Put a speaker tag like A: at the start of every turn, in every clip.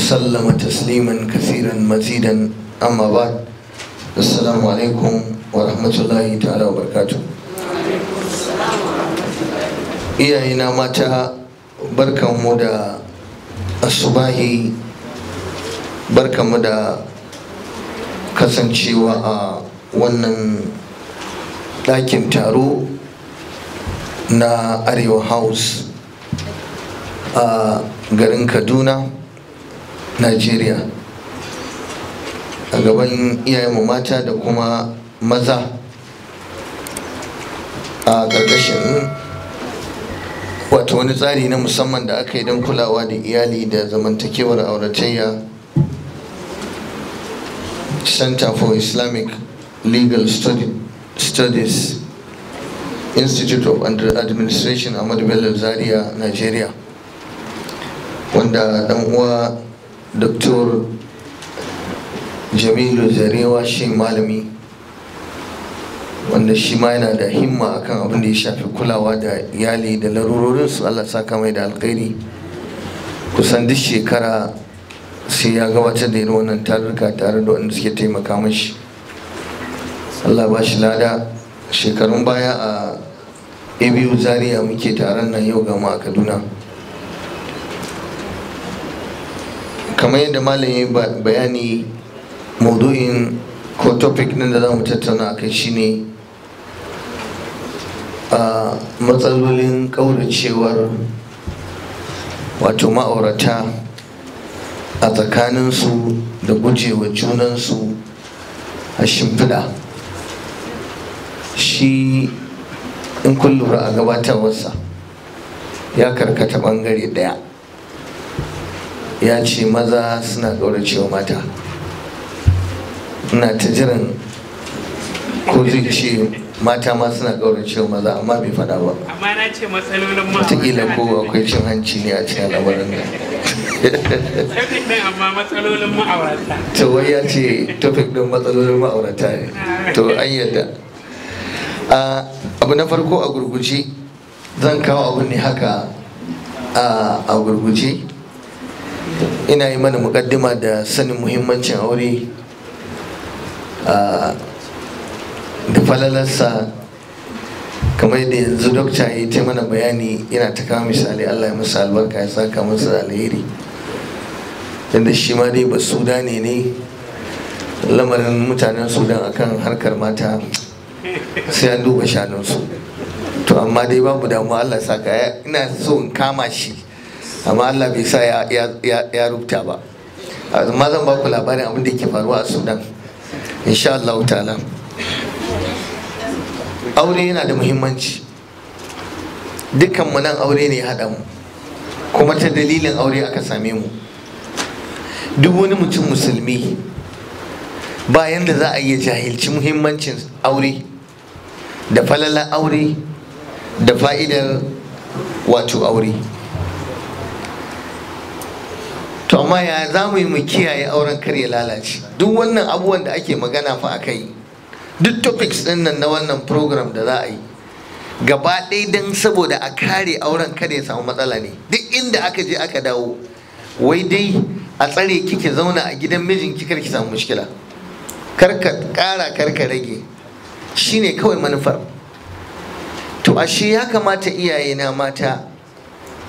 A: Sallama تسليما كثيرا مزيدا أما بعد iyayena mata barkanmu da barka mu da kasancewa a wannan ɗakin taro na arewa house a garin kaduna najeriya a gaban iyayenmu mata da kuma maza a ƙarƙashin wato wani tsari na musamman da aka yi don kulawa da iyali da zamantakewar auratayya center for islamic legal studies institute of administration ahmadu bello zaria nigeria wanda dan uwa Dr. Jamilu Zarewa shi malami wanda shi ma yana da himma akan abin da ya shafi kulawa da iyali da larurorinsu Allah saka mai da alkhairi kusan duk shekara sai ya gabatar da irin wannan tarurruka tare da wanda suke taimaka mashi Allah ba shi lada shekarun baya a abu zaria muke taron nan yau gama a kaduna kamar yadda yi bayani maudu'in ko topic nan da za mu tattauna a kai shine a matsalolin kauracewar wato ma'aurata a tsakaninsu da gujewa junansu a shimfiɗa shi in kun lura a gabatarwarsa ya karkata ɓangare ɗaya ya ce maza suna cewa mata ina ta jiran ko zai ce mata ma suna cewa maza amma bai faɗa ba amma na ce matsalolin ma wataƙila ko akwai cin hanci ne a cikin al'amarin nan topic amma matsalolin ma'aurata to ya ce topic ɗin matsalolin ma'aurata ne to an yadda abu na farko a gurguje zan kawo abu ne haka a gurguje ina yi mana mukaddima da sanin muhimmancin aure da falalarsa kamar yadda yanzu dokta ya ta mana bayani yana ta kama misali allah ya masa albarka ya saka masa alheri yadda shi ma dai ba sudane ne lamarin mutanen sudan akan harkar mata sai an duba shanunsu to amma dai babu damuwa allah saka ina so in kama shi amma Allah bai sa ya rubuta ba amma zan baku ku labarin abin da ke faruwa a Sudan insha Allah ta'ala aure yana da muhimmanci dukkan mu nan aure ne haɗa mu kuma ta dalilin aure aka same mu duk wani mutum musulmi bayan da za a iya jahilci muhimmancin aure da falalar aure da fa'idar wato aure amma ya za mu yi mu kiyaye auren kar ya lalace duk wannan abubuwan da ake magana fa aka yi duk topics din nan na wannan program da za a yi gaba ɗaya don saboda a kare auren kada ya samu matsala ne duk inda aka je aka dawo wai dai a tsare kike zauna a gidan mijin kikar ki samu mushkila kar ka ƙara kar ka rage shine kawai manufar to ashe ya kamata iyaye na mata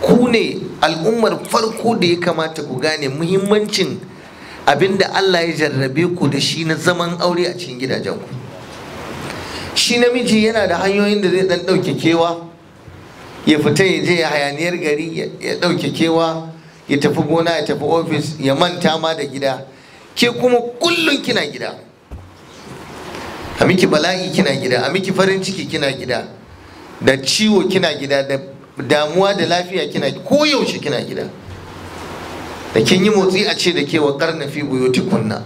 A: ku ne al'ummar farko da ya kamata ku gane muhimmancin abin da Allah ya jarrabe ku da shi na zaman aure a cikin gidajenku shi namiji yana da hanyoyin da zai dan ɗauke kewa ya fita ya je ya hayaniyar gari ya ɗauke kewa ya tafi gona ya tafi ofis ya manta ma da gida ke kuma kullum kina gida a miki bala'i kina gida a miki farin ciki kina gida da ciwo kina gida da damuwa da lafiya kina yaushe kina gida da kin yi motsi a ce da ke wa karna fi buyoti kunna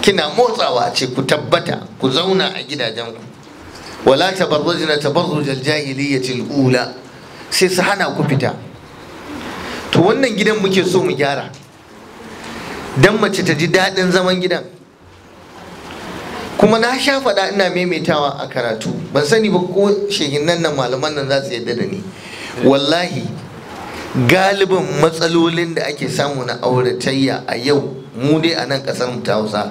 A: kina motsawa a ce ku tabbata ku zauna a gidajen ku. wala tabarrujna tabarrujal jahiliyyatil ula sai su hana ku fita to wannan gidan muke so mu gyara dan mace ta ji daɗin zaman gidan kuma na sha faɗa ina maimaitawa a karatu ban sani ba ko shehinan nan malaman nan za su yadda da ni wallahi galibin matsalolin da ake samu na auratayya a yau mu dai a nan ƙasar mu ta hausa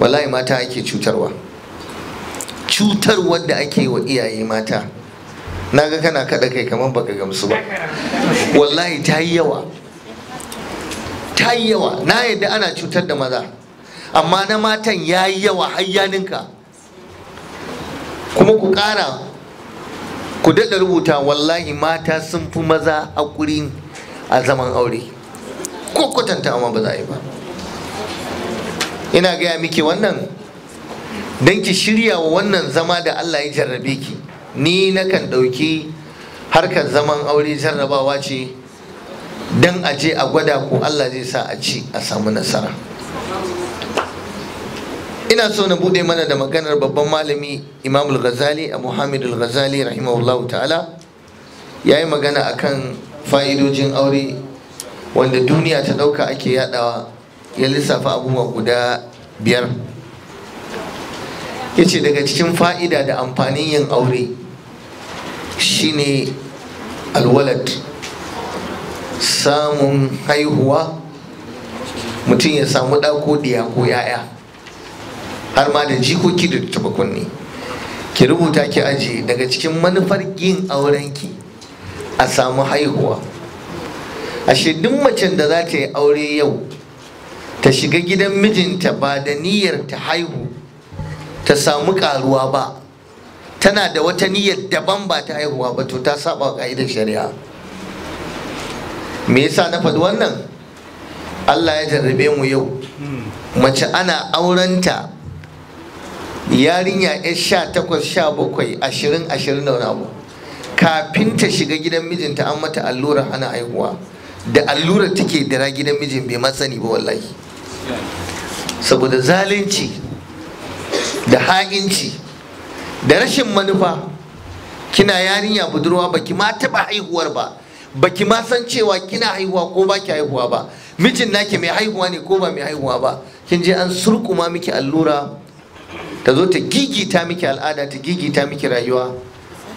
A: wallahi mata ake cutarwa cutarwar da ake wa iyaye mata na ga kana kaɗa kai kamar baka gamsu ba wallahi ta yi yawa ta yi yawa na yadda ana cutar da maza amma na matan ya yi yawa hayyaninka kuma ku ƙara ku daɗa rubuta wallahi mata sun fi maza a ƙuri a zaman aure ko kwatanta amma ba za yi ba ina gaya miki wannan don ki shirya wa wannan zama da Allah ya jarrabe ki ni na kan ɗauki harkar zaman aure jarrabawa ce don a je a gwada ku Allah zai sa a ci a samu nasara. ina so na bude mana da maganar babban malami imam al-ghazali a muhammad al-ghazali rahimahullah ta'ala ya yi magana akan fa'idojin aure wanda duniya ta dauka ake yadawa ya lissafa abubuwa guda biyar ya ce daga cikin fa'ida da amfanin yin aure shine alwalad samun haihuwa mutum ya samu ɗako diya ko 'ya'ya har ma da jikoki da taba kunne ki rubuta ki aji daga cikin manufar yin aurenki a samu haihuwa ashe duk macen da za ta yi aure yau ta shiga gidan mijinta ba da niyyar ta haihu ta samu karuwa ba tana da wata niyyar daban ba ta haihuwa ba to ta saba ka'idar shari'a me yasa na faɗi wannan Allah ya jarrabe mu yau hmm. mace ana aurenta yarinya yar sha takwas sha bakwai ashirin ashirin da wani abu kafin ta shiga gidan mijinta an mata allura hana haihuwa da allura take dira gidan mijin bai masani ba wallahi saboda zalunci da ha'inci da rashin manufa kina yarinya budurwa baki ma taba haihuwar ba baki ma san cewa kina haihuwa ko baki haihuwa ba mijin naki mai haihuwa ne ko ba mai haihuwa ba kin je an surkuma miki allura ta zo ta gigita miki al'ada ta gigita miki rayuwa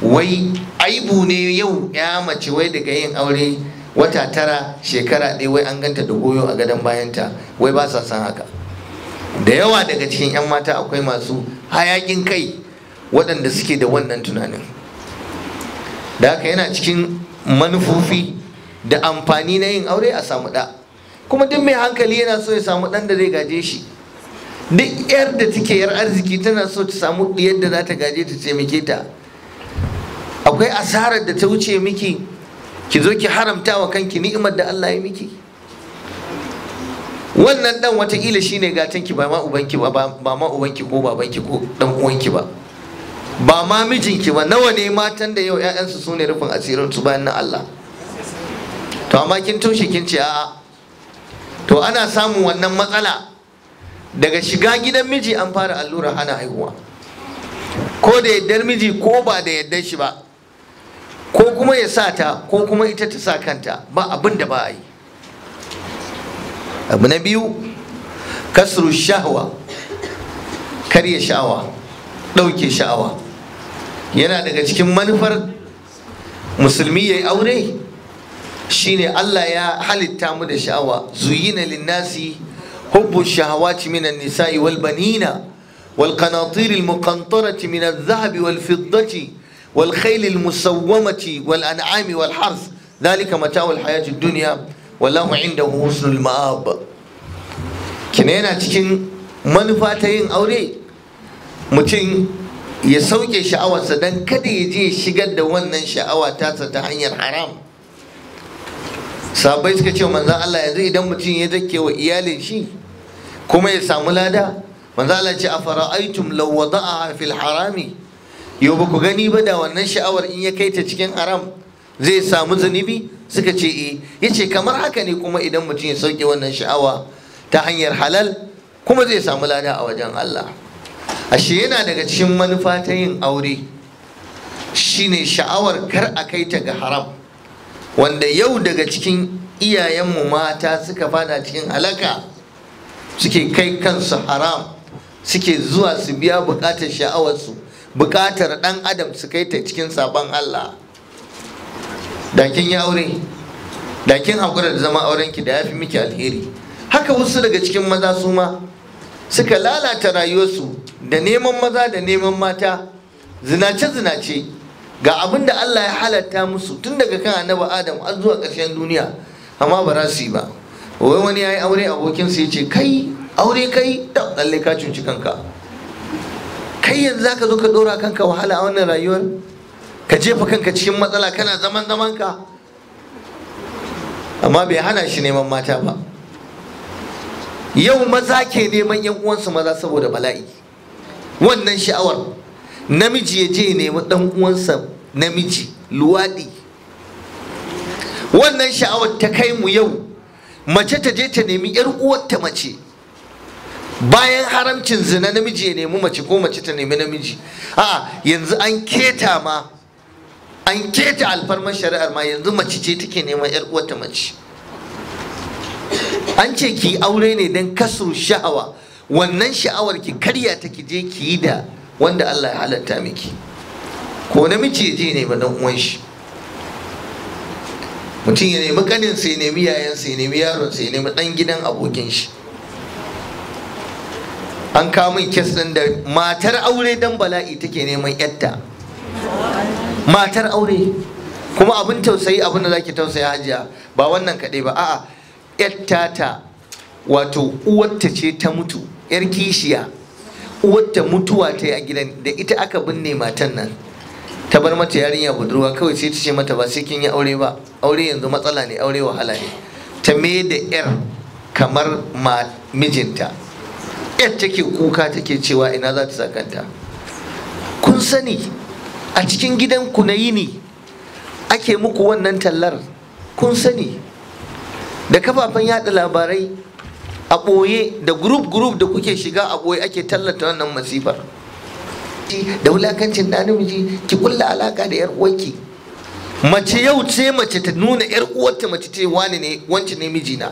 A: wai aibu ne yau ya mace wai daga yin aure wata tara shekara ɗaya wai an ganta da goyo a gadon bayanta wai ba sa san haka da yawa daga cikin 'yan mata akwai masu hayakin kai waɗanda suke da wannan tunanin da haka yana cikin manufofi da amfani na yin aure a samu ɗa kuma duk mai hankali yana so ya samu ɗan da zai gaje shi duk yar da take yar arziki tana so ta samu diyar da za ta gaje ta taimake ta akwai asarar da ta wuce miki ki zo ki haramta wa kanki ni'imar da Allah ya miki wannan dan wataƙila shi ne ki ba ma ubanki ba ba ma ubanki ko babanki ko dan uwanki ba ba ma mijinki ba nawa ne matan da yau 'ya'yansu su ne rufin asirin su bayan na Allah to amma kin toshe kin ce a'a to ana samun wannan matsala daga shiga gidan miji an fara allura hana haihuwa ko da yaddar miji ko ba da yaddar shi ba ko kuma ya sa ta ko kuma ita ta sa kanta ba abin da ba a yi abu na biyu kasru shahwa karya sha'awa ɗauke sha'awa yana daga cikin manufar musulmi ya yi aure shine allah ya halitta mu da sha'awa zuyina linnasi حب الشهوات من النساء والبنين والقناطير المقنطرة من الذهب والفضة والخيل المسومة والأنعام والحرث ذلك متاع الحياة الدنيا والله عنده حسن المآب yana cikin manufa ta yin aure mutum ya sauke sha'awarsa dan kada ya je shigar da wannan sha'awa ta hanyar haram sabai suka ce manzan Allah yanzu idan mutum ya zake wa iyalin shi kuma ya samu lada manzo Allah ce afara'aytum law wada'aha fil harami yau ba ku gani ba da wannan sha'awar in ya kai ta cikin haram zai samu zunubi suka ce eh yace kamar haka ne kuma idan mutum ya sauke wannan sha'awa ta hanyar halal kuma zai samu lada a wajen Allah ashe yana daga cikin manufa ta yin aure shine sha'awar kar a kai ta ga haram wanda yau daga cikin iyayenmu mata suka fada cikin halaka suke kai kansu haram suke zuwa su biya bukatar sha'awarsu bukatar dan adam su kai ta cikin sabon Allah dakin ya aure dakin haƙura da zama aurenki da ya fi miki alheri haka wasu daga cikin maza su ma suka lalata rayuwarsu da neman maza da neman mata zinace-zinace ga abin da Allah ya halatta musu tun daga kan annabi Adam har zuwa ƙarshen duniya amma ba za su yi ba wai wani ya yi aure abokinsa ya ce kai aure kai da ka cuci kanka kai yanzu za ka zo ka ɗora kanka wahala a wannan rayuwar ka jefa kanka cikin matsala kana zaman zaman ka amma bai hana shi neman mata ba yau maza ke neman yan uwansu maza saboda bala'i wannan sha'awar namiji ya je nemi dan uwansa namiji luwaɗi wannan sha'awar ta kai mu yau mace ta je ta nemi yar uwarta mace bayan haramcin zina namiji ya nemi mace ko mace ta nemi namiji a yanzu an keta ma an keta alfarmar shari'ar ma yanzu mace ce take neman yar uwarta mace an ce ki aure ne don kasu sha'awa wannan sha'awar ki karya ta ki je ki yi da wanda Allah ya halatta miki ko namiji ya je ne ba dan uwan shi mutum ya nemi kanin sai nemi yayan sai nemi yaron sai nemi dan gidan abokin shi an kawo min kes din da matar aure dan bala'i take neman yatta matar aure kuma abin tausayi abin da zaki tausaya hajiya ba wannan kaɗai ba a'a yatta ta wato uwarta ce ta mutu yar kishiya uwarta mutuwa ta yi a gidan da ita aka binne matan nan ta bar mata yarinya budurwa kawai sai ta ce mata ba sai kin yi aure ba aure yanzu matsala ne aure wahala ne ta me da yar kamar ma mijinta yar take kuka take cewa ina za ta sakanta kun sani a cikin gidan ku na yini ake muku wannan tallar kun sani da kafafen yada labarai a ɓoye da group group da kuke shiga a ɓoye ake tallata wannan masifar da wulakancin da namiji ki kulla alaka da yar uwarki mace yau ce mace ta nuna yar uwarta mace ce wani ne wancan ne mijina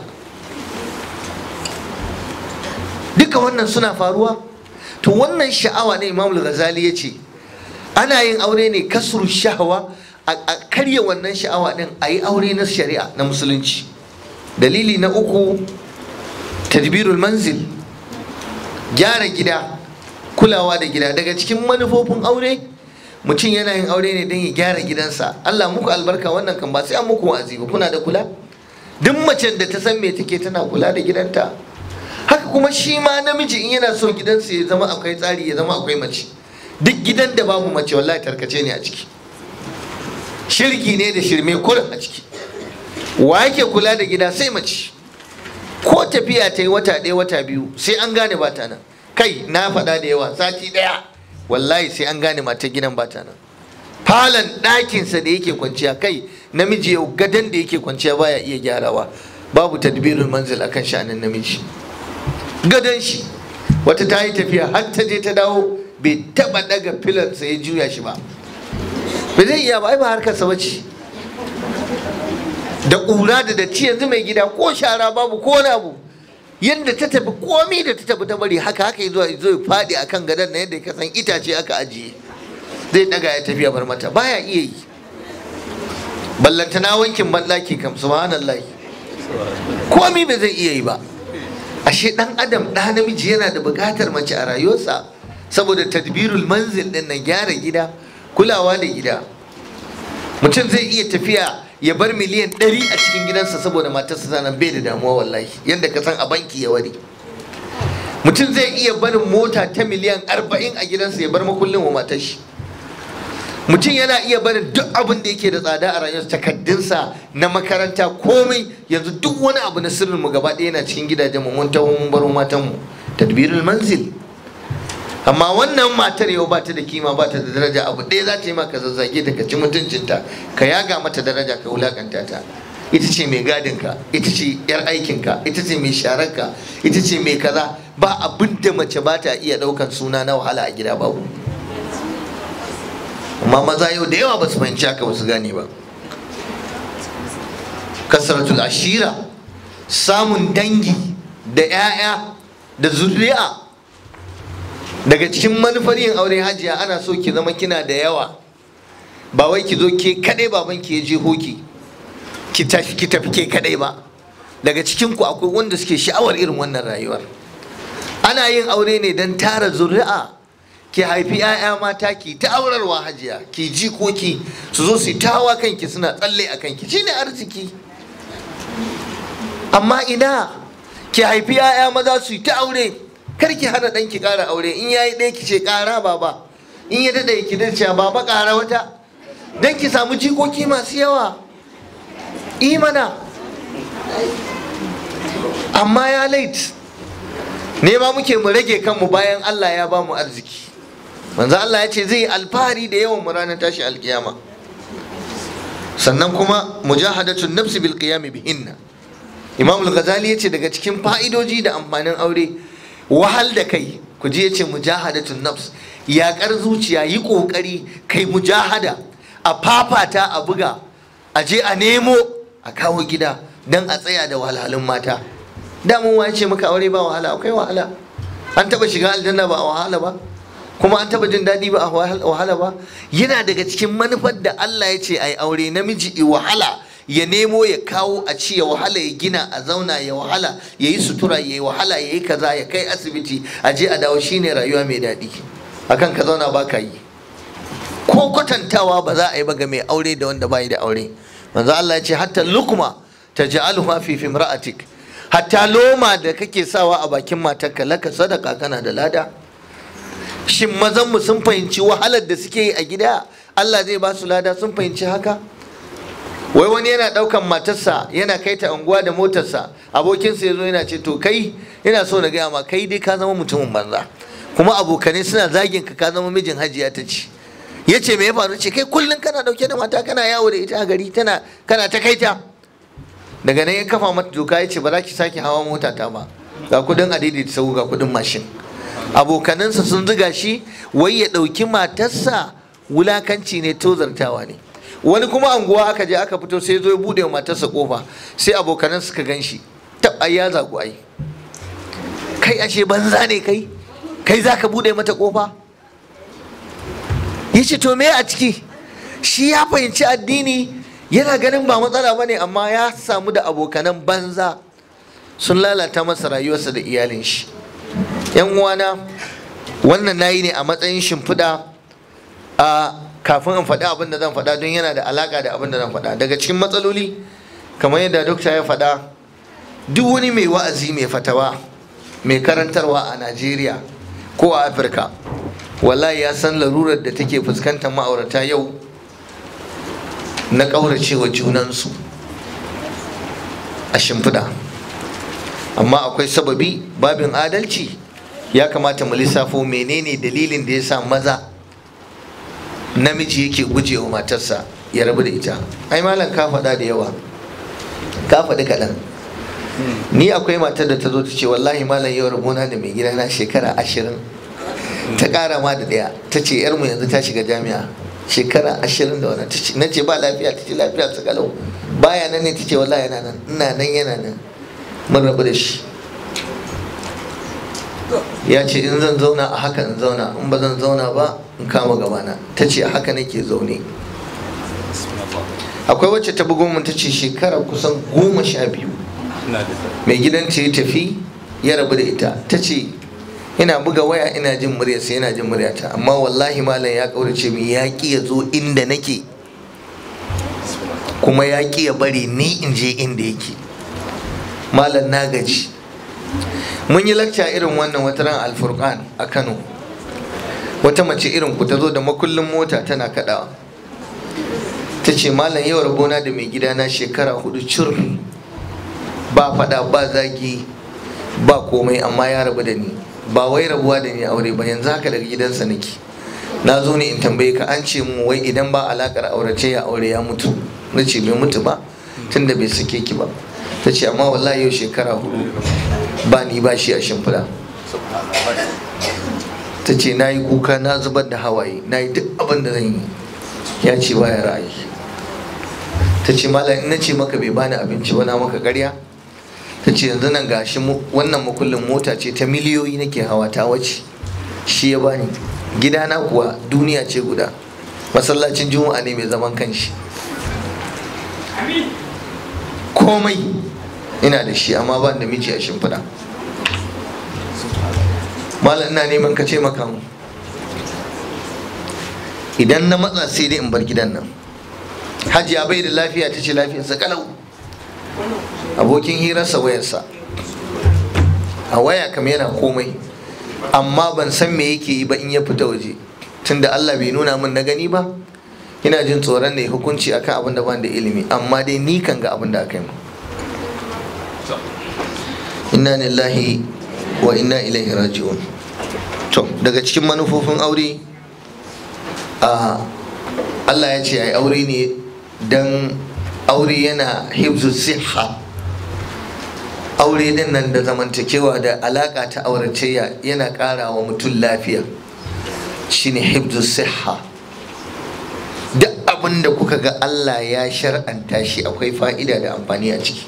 A: duka wannan suna faruwa to wannan sha'awa ne imamul ghazali ya ce ana yin aure ne kasur shahawa a karya wannan sha'awa din a yi aure na shari'a na musulunci dalili na uku tadbirul manzil gyara gida kulawa da gida daga cikin manufofin aure mutum yana yin aure ne don ya gyara gidansa Allah muku albarka wannan kan ba sai an muku wa'azi ba kuna da kula duk mace da ta san me take tana kula da gidanta haka kuma shi ma namiji in yana so gidansa ya zama akwai tsari ya zama akwai mace duk gidan da babu mace wallahi tarkace ne a ciki shirki ne da shirme kurin a ciki wa yake kula da gida sai mace ko tafiya ta yi wata ɗaya wata biyu sai an gane ba ta nan kai na faɗa da yawa sati ɗaya wallahi sai an gane mata gidan bata nan falon ɗakinsa da yake kwanciya kai namiji yau gadon da yake kwanciya baya iya gyarawa babu tadbirin manzil akan sha'anin namiji gadon shi wata ta yi tafiya har ta je ta dawo bai taba daga filansa ya juya shi ba bai zai iya ba ai ba harkar sa bace da ƙura da datti yanzu mai gida ko shara babu ko wani abu yadda ta tafi komi da ta tafi ta bari haka haka zuwa zo faɗi a kan gadon na yadda ka san itace aka ajiye zai daga ya tafiya bar mata baya iya yi ballantana wankin ballaki kam subhanallah komi ba zai iya yi ba ashe dan adam ɗa namiji yana da buƙatar mace a rayuwarsa saboda tadbirul manzil ɗin nan gyara gida kulawa da gida mutum zai iya tafiya ya bar miliyan ɗari a cikin gidansa saboda matarsa tana bai da damuwa wallahi yadda ka san a banki ya wari mutum zai iya barin mota ta miliyan arba'in a gidansa ya bar makullin wa matar shi mutum yana iya barin duk abin da yake da tsada a rayuwarsa takaddunsa na makaranta komai yanzu duk wani abu na sirrinmu gaba ɗaya yana cikin gidajenmu mun tawo mun bar matanmu tadbirul manzil amma wannan matar yau ba ta da kima ba ta da daraja abu ɗaya za ta yi maka zazzage ta ka ci mutuncinta ka yaga mata daraja ka wulakanta ta ita ce mai gadinka ita ce yar aikinka ita ce mai shararka ita ce mai kaza ba abin da mace ba ta iya ɗaukan suna na wahala a gida babu amma maza yau da yawa ba su fahimci haka ba su gane ba kasaratul ashira samun dangi da 'ya'ya da zuri'a daga cikin manufar yin aure hajiya ana so ki zama kina da yawa ba wai ki zo ke kadai baban ki ya je hoki ki tafi ki tafi ke kadai ba daga cikin ku akwai wanda suke sha'awar irin wannan rayuwar ana yin aure ne don tara zuri'a ki haifi 'ya'ya mata ki ta aurarwa hajiya ki ji koki su zo su tawa kanki suna tsalle a kanki shine arziki amma ina ki haifi 'ya'ya maza su yi ta aure kar ki hana ɗanki kara aure in yayi ɗaya ki ce ƙara baba in ya daɗa ki dace baba ƙara wata dan ki samu jikoki masu yawa imana amma ya late nema muke mu rage kanmu bayan Allah ya ba mu arziki manzo Allah ya ce zai yi alfahari da yawan mu ranar tashi alkiyama sannan kuma mujahadatun nafsi bil qiyam bihinna
B: imam al-ghazali
A: ya daga cikin fa'idoji da amfanin aure wahal da kai ku je mujahada mujahadatun nafs yaƙar zuciya yi ƙoƙari kai mujahada a fafata a buga a je a nemo a kawo gida don a tsaya da wahalhalun mata damun wa ce maka aure ba wahala akwai wahala an taba shiga aljanna ba a wahala ba kuma an taba jin daɗi ba a wahala ba yana daga cikin manufar da Allah ya ce ai aure namiji i wahala ya nemo ya kawo a ci ya wahala ya gina a zauna ya wahala ya yi sutura ya yi wahala ya yi kaza ya kai asibiti a je a dawo shine rayuwa mai daɗi kan ka zauna ba ka yi ko kwatantawa ba za a yi ba ga mai aure da wanda bai da aure manzo Allah ya ce hatta lukma ma fi ra'atik. hatta loma da kake sawa a bakin matarka laka sadaka kana da lada shin mazanmu sun fahimci wahalar da suke yi a gida Allah zai ba su lada sun fahimci haka wai wani yana ɗaukan matarsa yana kai ta unguwa da motarsa abokinsa ya zo yana ce to kai ina so na gaya ma kai dai ka zama mutumin banza kuma abokanai suna zagin ka ka zama mijin hajiya ta ce ya ce me ya faru ce kai kullum kana dauke da mata kana yawo da ita a gari tana kana ta kai ta daga nan ya kafa mata doka ya ce ba za ki sake hawa mota ta ba ga kudin adidi ta ga kudin mashin abokanansa sun ziga shi wai ya ɗauki matarsa wulakanci ne tozartawa ne wani kuma anguwa aka je aka fito sai zo ya bude matarsa kofa sai abokanan suka gan shi ya zagu ai kai ashe banza ne kai kai zaka bude mata kofa yace to me a ciki shi ya fahimci addini yana ganin ba matsala bane amma ya samu da abokanan banza sun lalata masa rayuwarsa da iyalin shi yan uwana wannan nayi ne a matsayin shimfiɗa a kafin in faɗi abin da zan faɗa don yana da alaƙa da abin da zan faɗa daga cikin matsaloli kamar yadda dokta ya faɗa duk wani mai wa'azi mai fatawa mai karantarwa a najeriya ko a afirka wallahi ya san larurar da take fuskantar ma'aurata yau na ƙauracewa junansu a shimfiɗa amma akwai sababi babin adalci ya kamata mu lissafo menene dalilin da ya sa maza namiji yake gujewa matarsa ya rabu da ita ai malam ka faɗa da yawa ka faɗi kaɗan ni akwai matar da ta zo ta ce wallahi malam yau rabona da mai gida na shekara ashirin ta ƙara ma da ɗaya ta ce yarmu yanzu ta shiga jami'a shekara ashirin da wani na ce ba lafiya ta ce lafiya ta kalau baya nan ne ta ce wallahi yana nan ina nan yana nan mun rabu da shi ya ce in zan zauna a haka in zauna in ba zan zauna ba in kama gabana ta ce haka nake zaune akwai wacce ta bugo mun ta ce shekara kusan goma sha biyu mai gidan ce tafi ya rabu da ita ta ce ina buga waya ina jin murya sai yana jin muryata amma wallahi malam ya kaurace min ya ki ya zo inda nake kuma ya ki ya bari ni in je inda yake malam na gaji mun yi lakca irin wannan wata wataran alfurkan a kano wata mace irin ku ta zo da makullin mota tana kaɗawa ta ce malam yau rabona da mai gida na shekara hudu cur ba fada ba zagi ba komai amma ya rabu da ni ba wai rabuwa da ni aure ba yanzu haka daga gidansa nake na zo ne in tambaye ka an ce mu wai idan ba alakar aurace ya aure ya mutu na ce bai mutu ba tunda bai sake ki ba ta ce amma wallahi yau shekara hudu ba ni ba shi a shimfida. ta ce na yi kuka na zubar da hawaye na yi duk abin da zan yi ya ce baya ra'ayi ta ce malam na ce maka bai bani abinci ba na maka karya ta ce yanzu nan gashi wannan makullin mota ce ta miliyoyi nake hawa ta wace shi ya bani gidana kuwa duniya ce guda masallacin juma'a ne mai zaman kanshi komai ina da shi amma ban da miji a shimfiɗa malam ina neman ka ce maka mu idan na matsa sai dai in bar gidan nan hajiya bai da lafiya ta ce lafiyarsa kalau abokin hirarsa wayarsa a waya kam yana komai amma ban san me yake yi ba in ya fita waje tunda Allah bai nuna min na gani ba ina jin tsoron ne hukunci akan abin da ban da ilimi amma dai ni kan ga abin da aka yi inna lillahi wa inna ilaihi raji'un to daga cikin manufofin aure Allah ya ce yi aure ne don aure yana hibzu siha aure din nan da zamantakewa da alaka ta auratayya yana ƙara wa mutum lafiya shine hibzu siha duk abin da kuka ga Allah ya shar'anta shi akwai fa'ida da amfani a ciki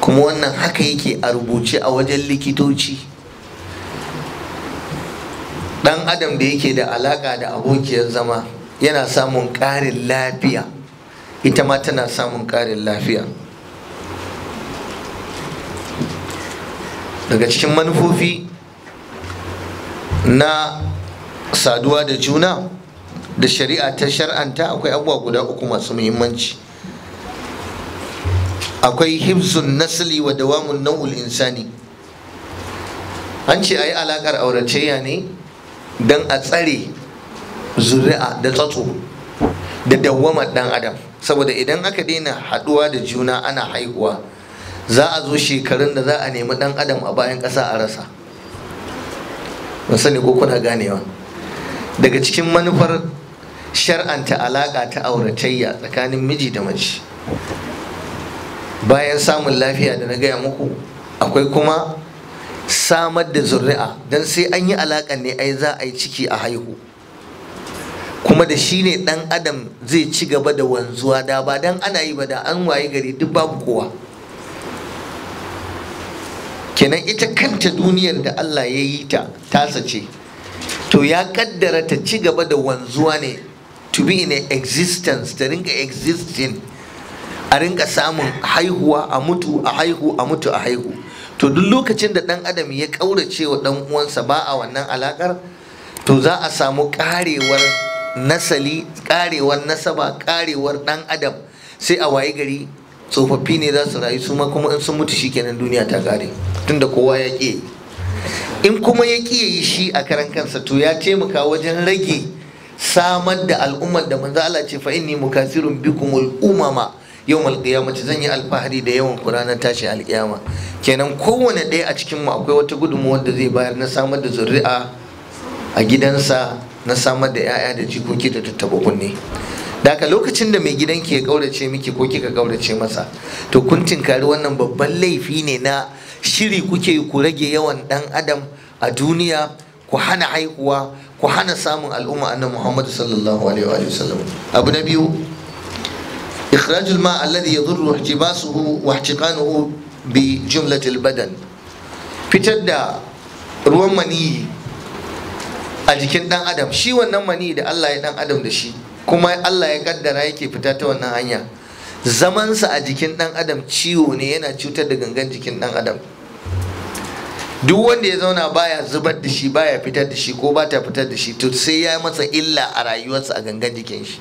A: kuma wannan haka yake a rubuce a wajen likitoci dan adam da yake da alaka da abokiyar zama yana samun ƙarin lafiya ita ma tana samun ƙarin lafiya daga cikin manufofi na saduwa da juna da shari'a ta shar'anta akwai abubuwa guda uku masu muhimmanci akwai hibzun nasli wa dawamun nau'ul insani an ce a yi alaƙar auratayya ne don a tsare zuri'a da tsatso da dawwamar dan adam saboda idan aka daina haɗuwa da juna ana haihuwa za a zo shekarun da za a nemi dan adam a bayan ƙasa a rasa sani ko kuna ganewa daga cikin manufar shar'anta alaƙa ta auratayya tsakanin miji da mace bayan samun lafiya da na gaya muku akwai kuma samar da zuri'a don sai an yi alaƙa ne ai za a yi ciki a haihu kuma da shi ne ɗan adam zai ci gaba da wanzuwa da ba don ana yi ba da an waye gari duk babu kowa kenan ita kanta duniyar da Allah ya yi ta tasa ce to ya kaddara ta ci gaba da wanzuwa ne to be in existence ta rinka existing a rinka samun haihuwa a mutu a haihu a mutu a haihu to duk lokacin da ɗan adam ya ƙaurace wa ɗan uwansa ba a wannan alakar to za a samu karewar nasali karewar nasaba karewar ɗan adam sai a waye gari tsofaffi ne za su rayu su ma kuma in sun mutu kenan duniya ta ƙare tunda kowa ya ƙi in kuma ya ƙi yi shi a karan kansa to ya taimaka wajen rage samar da al'ummar da manzo Allah ce fa inni mukasirun bikumul umama yau alƙiyamaci zan yi alfahari da yawan ranar tashi alƙiyama kenan kowane ɗaya a cikinmu akwai wata gudunmu da zai bayar na samar da zuri'a a gidansa na samar da 'ya'ya da jikoki da tattaba kunne daga lokacin da mai ki ya kaurace miki ko kika kaurace masa to kun tinkari wannan babban laifi ne na shiri kuke ku rage yawan dan adam a duniya ku hana haihuwa ku hana samun al'umma annabi Muhammad sallallahu alaihi wa sallam abu na biyu إخراج الماء الذي يضر احتباسه واحتقانه بجملة البدن فتدى ruwan maniyi a jikin dan adam shi wannan maniyi da Allah ya dan adam da shi kuma Allah ya kaddara yake fita ta wannan hanya zamansa a jikin dan adam ciwo ne yana cutar da gangan jikin dan adam duk wanda ya zauna baya zubar da shi baya fitar da shi ko ba ta fitar da shi to sai ya masa illa a rayuwarsa a gangan jikin shi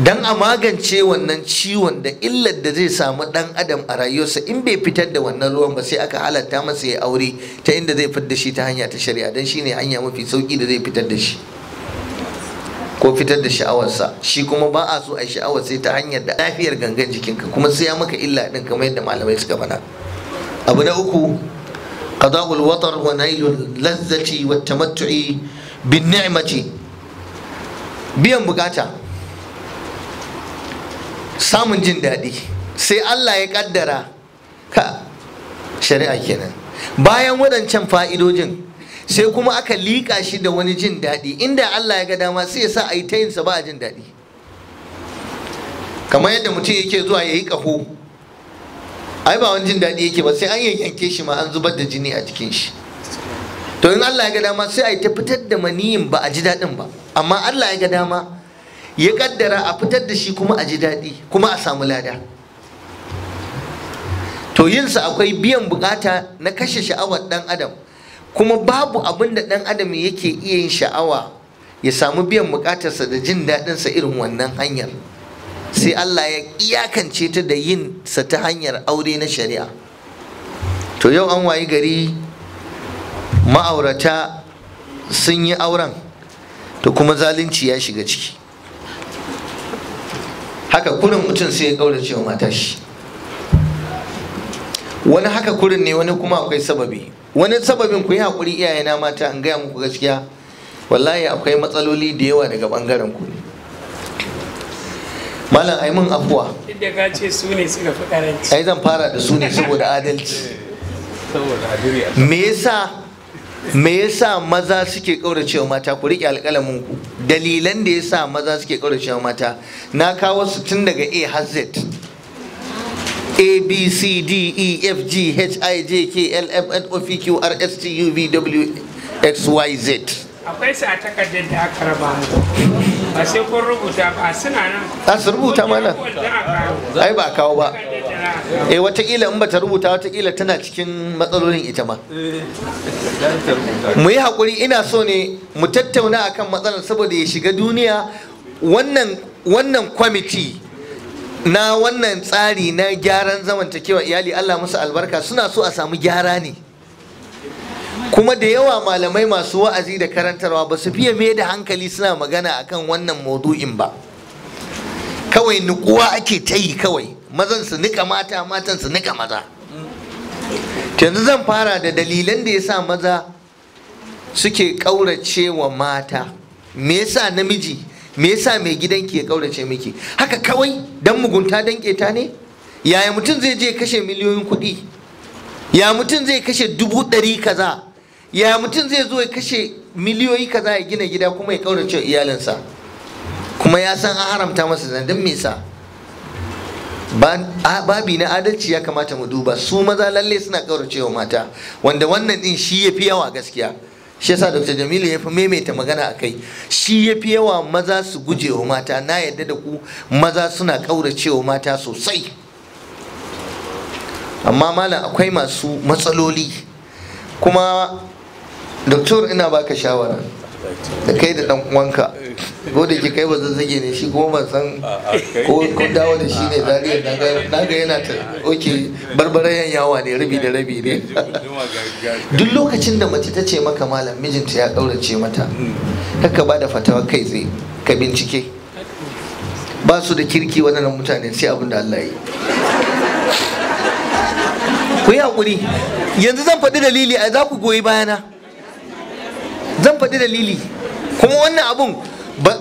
A: dan a magance wannan ciwon da illar da zai samu dan adam a rayuwarsa in bai fitar da wannan ruwan ba sai aka halatta masa ya aure ta inda zai fitar da shi ta hanya ta shari'a don shi hanya mafi sauki da zai fitar da shi ko fitar da sha'awarsa shi kuma ba a so a sha'awar sai ta hanyar da lafiyar gangan jikinka kuma sai ya maka illa din kamar yadda malamai suka bana. abu na uku qada'ul watar wa nailul lazzati wat tamattu'i bin ni'mati biyan bukata samun jin daɗi sai Allah ya ƙaddara ka shari'a kenan bayan waɗancan fa'idojin sai kuma aka liƙa shi da wani jin daɗi inda Allah ya ga dama sai ya sa a yi ta yinsa ba a jin daɗi kamar yadda mutum yake zuwa ya yi ƙaho ai ba wani jin daɗi yake ba sai an yanke shi ma an zubar da jini a cikin shi to in Allah ya ga dama sai a yi ta fitar da maniyin ba a ji daɗin ba amma Allah ya ga dama ya kaddara a fitar da shi kuma a ji daɗi kuma a samu lada to yinsa akwai biyan bukata na kashe sha'awar ɗan adam kuma babu abin da ɗan adam yake iya yin sha'awa ya samu biyan bukatarsa da jin daɗinsa irin wannan hanyar sai Allah ya iyakance ta da yin sa ta hanyar aure na shari'a to yau an wayi gari ma'aurata sun yi auren to kuma zalunci ya shiga ciki haka kurin mutum sai ya kaura cewa mata shi wani haka kurin ne wani kuma akwai sababi wani sababin ku yi hakuri na mata an gaya muku gaskiya wallahi akwai matsaloli da yawa daga bangaren ku malam ai mun afuwa inda ka ce su ne suka fi karanci ai zan fara da su ne saboda adalci eh, me yasa me yasa maza suke kauracewa mata ku rike alƙalamin ku dalilan da yasa maza suke kauracewa mata na kawo su tun daga A har Z A B C D E F G H I J K L M N O P Q R S T U V W X Y Z akwai su a takardar da aka raba mu ba sai kun rubuta ba suna nan a su rubuta mana ai ba kawo ba eh watakila in bata rubuta watakila tana cikin matsalolin ita ma mu yi hakuri ina so ne mu tattauna akan matsalar saboda ya shiga duniya wannan wannan kwamiti na wannan tsari na gyaran zamantakewa iyali Allah musu albarka suna so a samu gyara ne kuma da yawa malamai masu wa'azi da karantarwa ba su fiye mai da hankali suna magana akan wannan maudu'in ba kawai nukuwa ake ta yi kawai mazan su nika mata matan su nika maza yanzu zan fara da dalilan da ya sa maza suke ƙaurace wa mata me yasa namiji me yasa mai gidanki ya ƙaurace miki haka kawai dan mugunta dan keta ne yaya mutum zai je kashe miliyoyin kuɗi ya mutum zai kashe dubu ɗari kaza ya mutum zai zo ya kashe miliyoyi kaza ya gina gida kuma ya ƙaurace iyalinsa kuma ya san an haramta masa zandan me sa? babi na adalci ya kamata mu duba su maza lalle suna kauracewa mata wanda wannan din shi ya fi yawa gaskiya shi yasa dr jamilu ya fi maimaita magana a kai shi ya fi yawa maza su guje wa mata na yadda da ku maza suna kauracewa mata sosai amma malam akwai masu matsaloli kuma doktor ina baka shawara da kai da dan uwanka eh. ko da kai ba zage ne shi kuma ban san ko dawo da shi ne zariya na ga yana ta oke barbarayen yawa ne rabi da rabi ne duk lokacin da mace ta ce maka malam mijinta ya kaurace mata hmm. kaka ba da fatawa kai tsaye ka bincike ba su da kirki waɗannan mutane sai abin da Allah yi ku yi haƙuri yanzu zan faɗi dalili a za ku goyi bayana zan faɗi dalili kuma wannan abun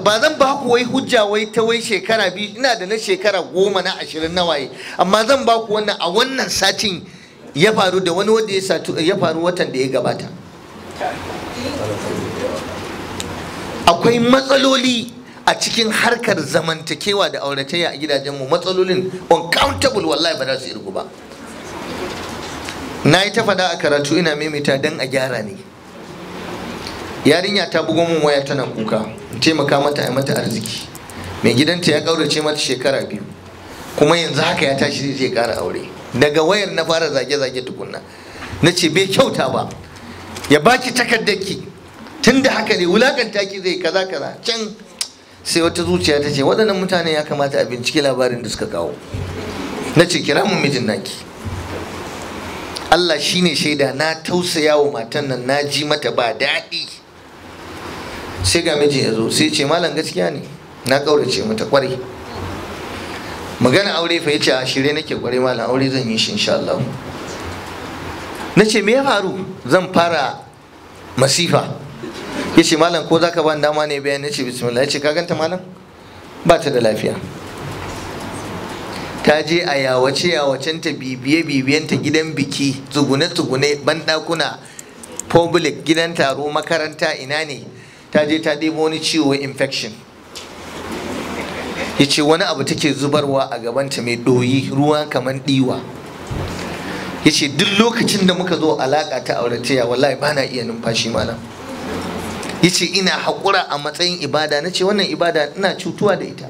A: ba zan ba ku wai hujja wai ta wai shekara biyu ina da na shekara goma na ashirin na waye amma zan ba ku wannan a wannan satin ya faru da wani wanda ya faru watan da ya gabata akwai matsaloli a cikin harkar zamantakewa da auratayya a gidajenmu matsalolin uncountable wallahi ba za su irgu ba na yi ta faɗa a karatu ina maimaita don a gyara ne yarinya ta bugo min waya tana kuka taimaka mata ya mata arziki mai gidanta ya kaurace mata shekara biyu kuma yanzu haka ya tashi zai kara aure daga wayar na fara zage-zage tukunna na ce bai kyauta ba ya baki takardarki tunda haka ne wulakanta ki zai kaza kaza can sai wata zuciya ta ce waɗannan mutane ya kamata a binciki labarin da suka kawo na ce kira mu mijin naki Allah shine shaida na tausaya wa matan nan na ji mata ba daɗi sai ga miji ya zo sai ce malam gaskiya ne na kaurace mata kwarai magana aure fa yace a shirye nake kwarai malam aure zan yi shi insha Allah na ce me ya faru zan fara masifa ya ce malam ko zaka ba dama ne bayan na ce bismillah ya ce ka ganta malam ba ta da lafiya ta je a yawace yawacen ta bibiye bibiyen ta gidan biki tsugune tsugune ban dakuna public gidan taro makaranta ina ne ta je ta ɗebo wani ciwo infection ya ce wani abu take zubarwa a gabanta mai ɗoyi ruwa kamar ɗiwa ya ce duk lokacin da muka zo alaƙa ta auratayya wallahi ba na iya numfashi malam ya ce ina haƙura a matsayin ibada na ce wannan ibada ina cutuwa da ita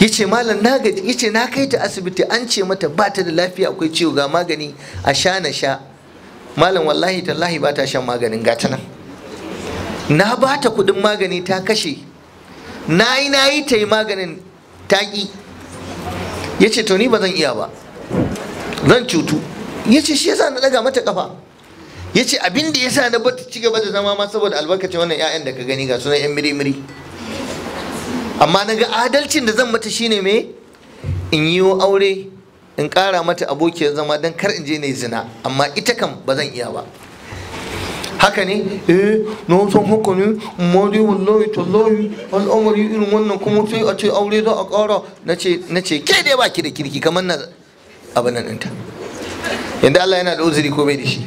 A: ya ce malam na ya ce na kai ta asibiti an ce mata ba ta da lafiya akwai ciwo ga magani a sha na sha malam wallahi tallahi ba ta shan maganin gata nan na ba ta kudin magani ta kashe na yi na yi ta yi maganin yi ya ce to ni ba zan iya ba zan cutu ya ce shi yasa na daga mata kafa ya ce abin da yasa na bata ci gaba da zama ma saboda albarkacin wannan 'ya'yan da ka gani ga sunan 'yan miri-miri amma na ga adalcin da zan mata shine me in yi aure in ƙara mata abokiyar zama don kar in je na zina amma ita kam ba zan iya ba haka ne eh na san haka ne amma dai wallahi tallahi al'amari irin wannan kuma sai a ce aure za a ƙara na ce ke dai baki da kirki kamar na abin nan ɗinta yanda Allah yana da uzuri ko bai da shi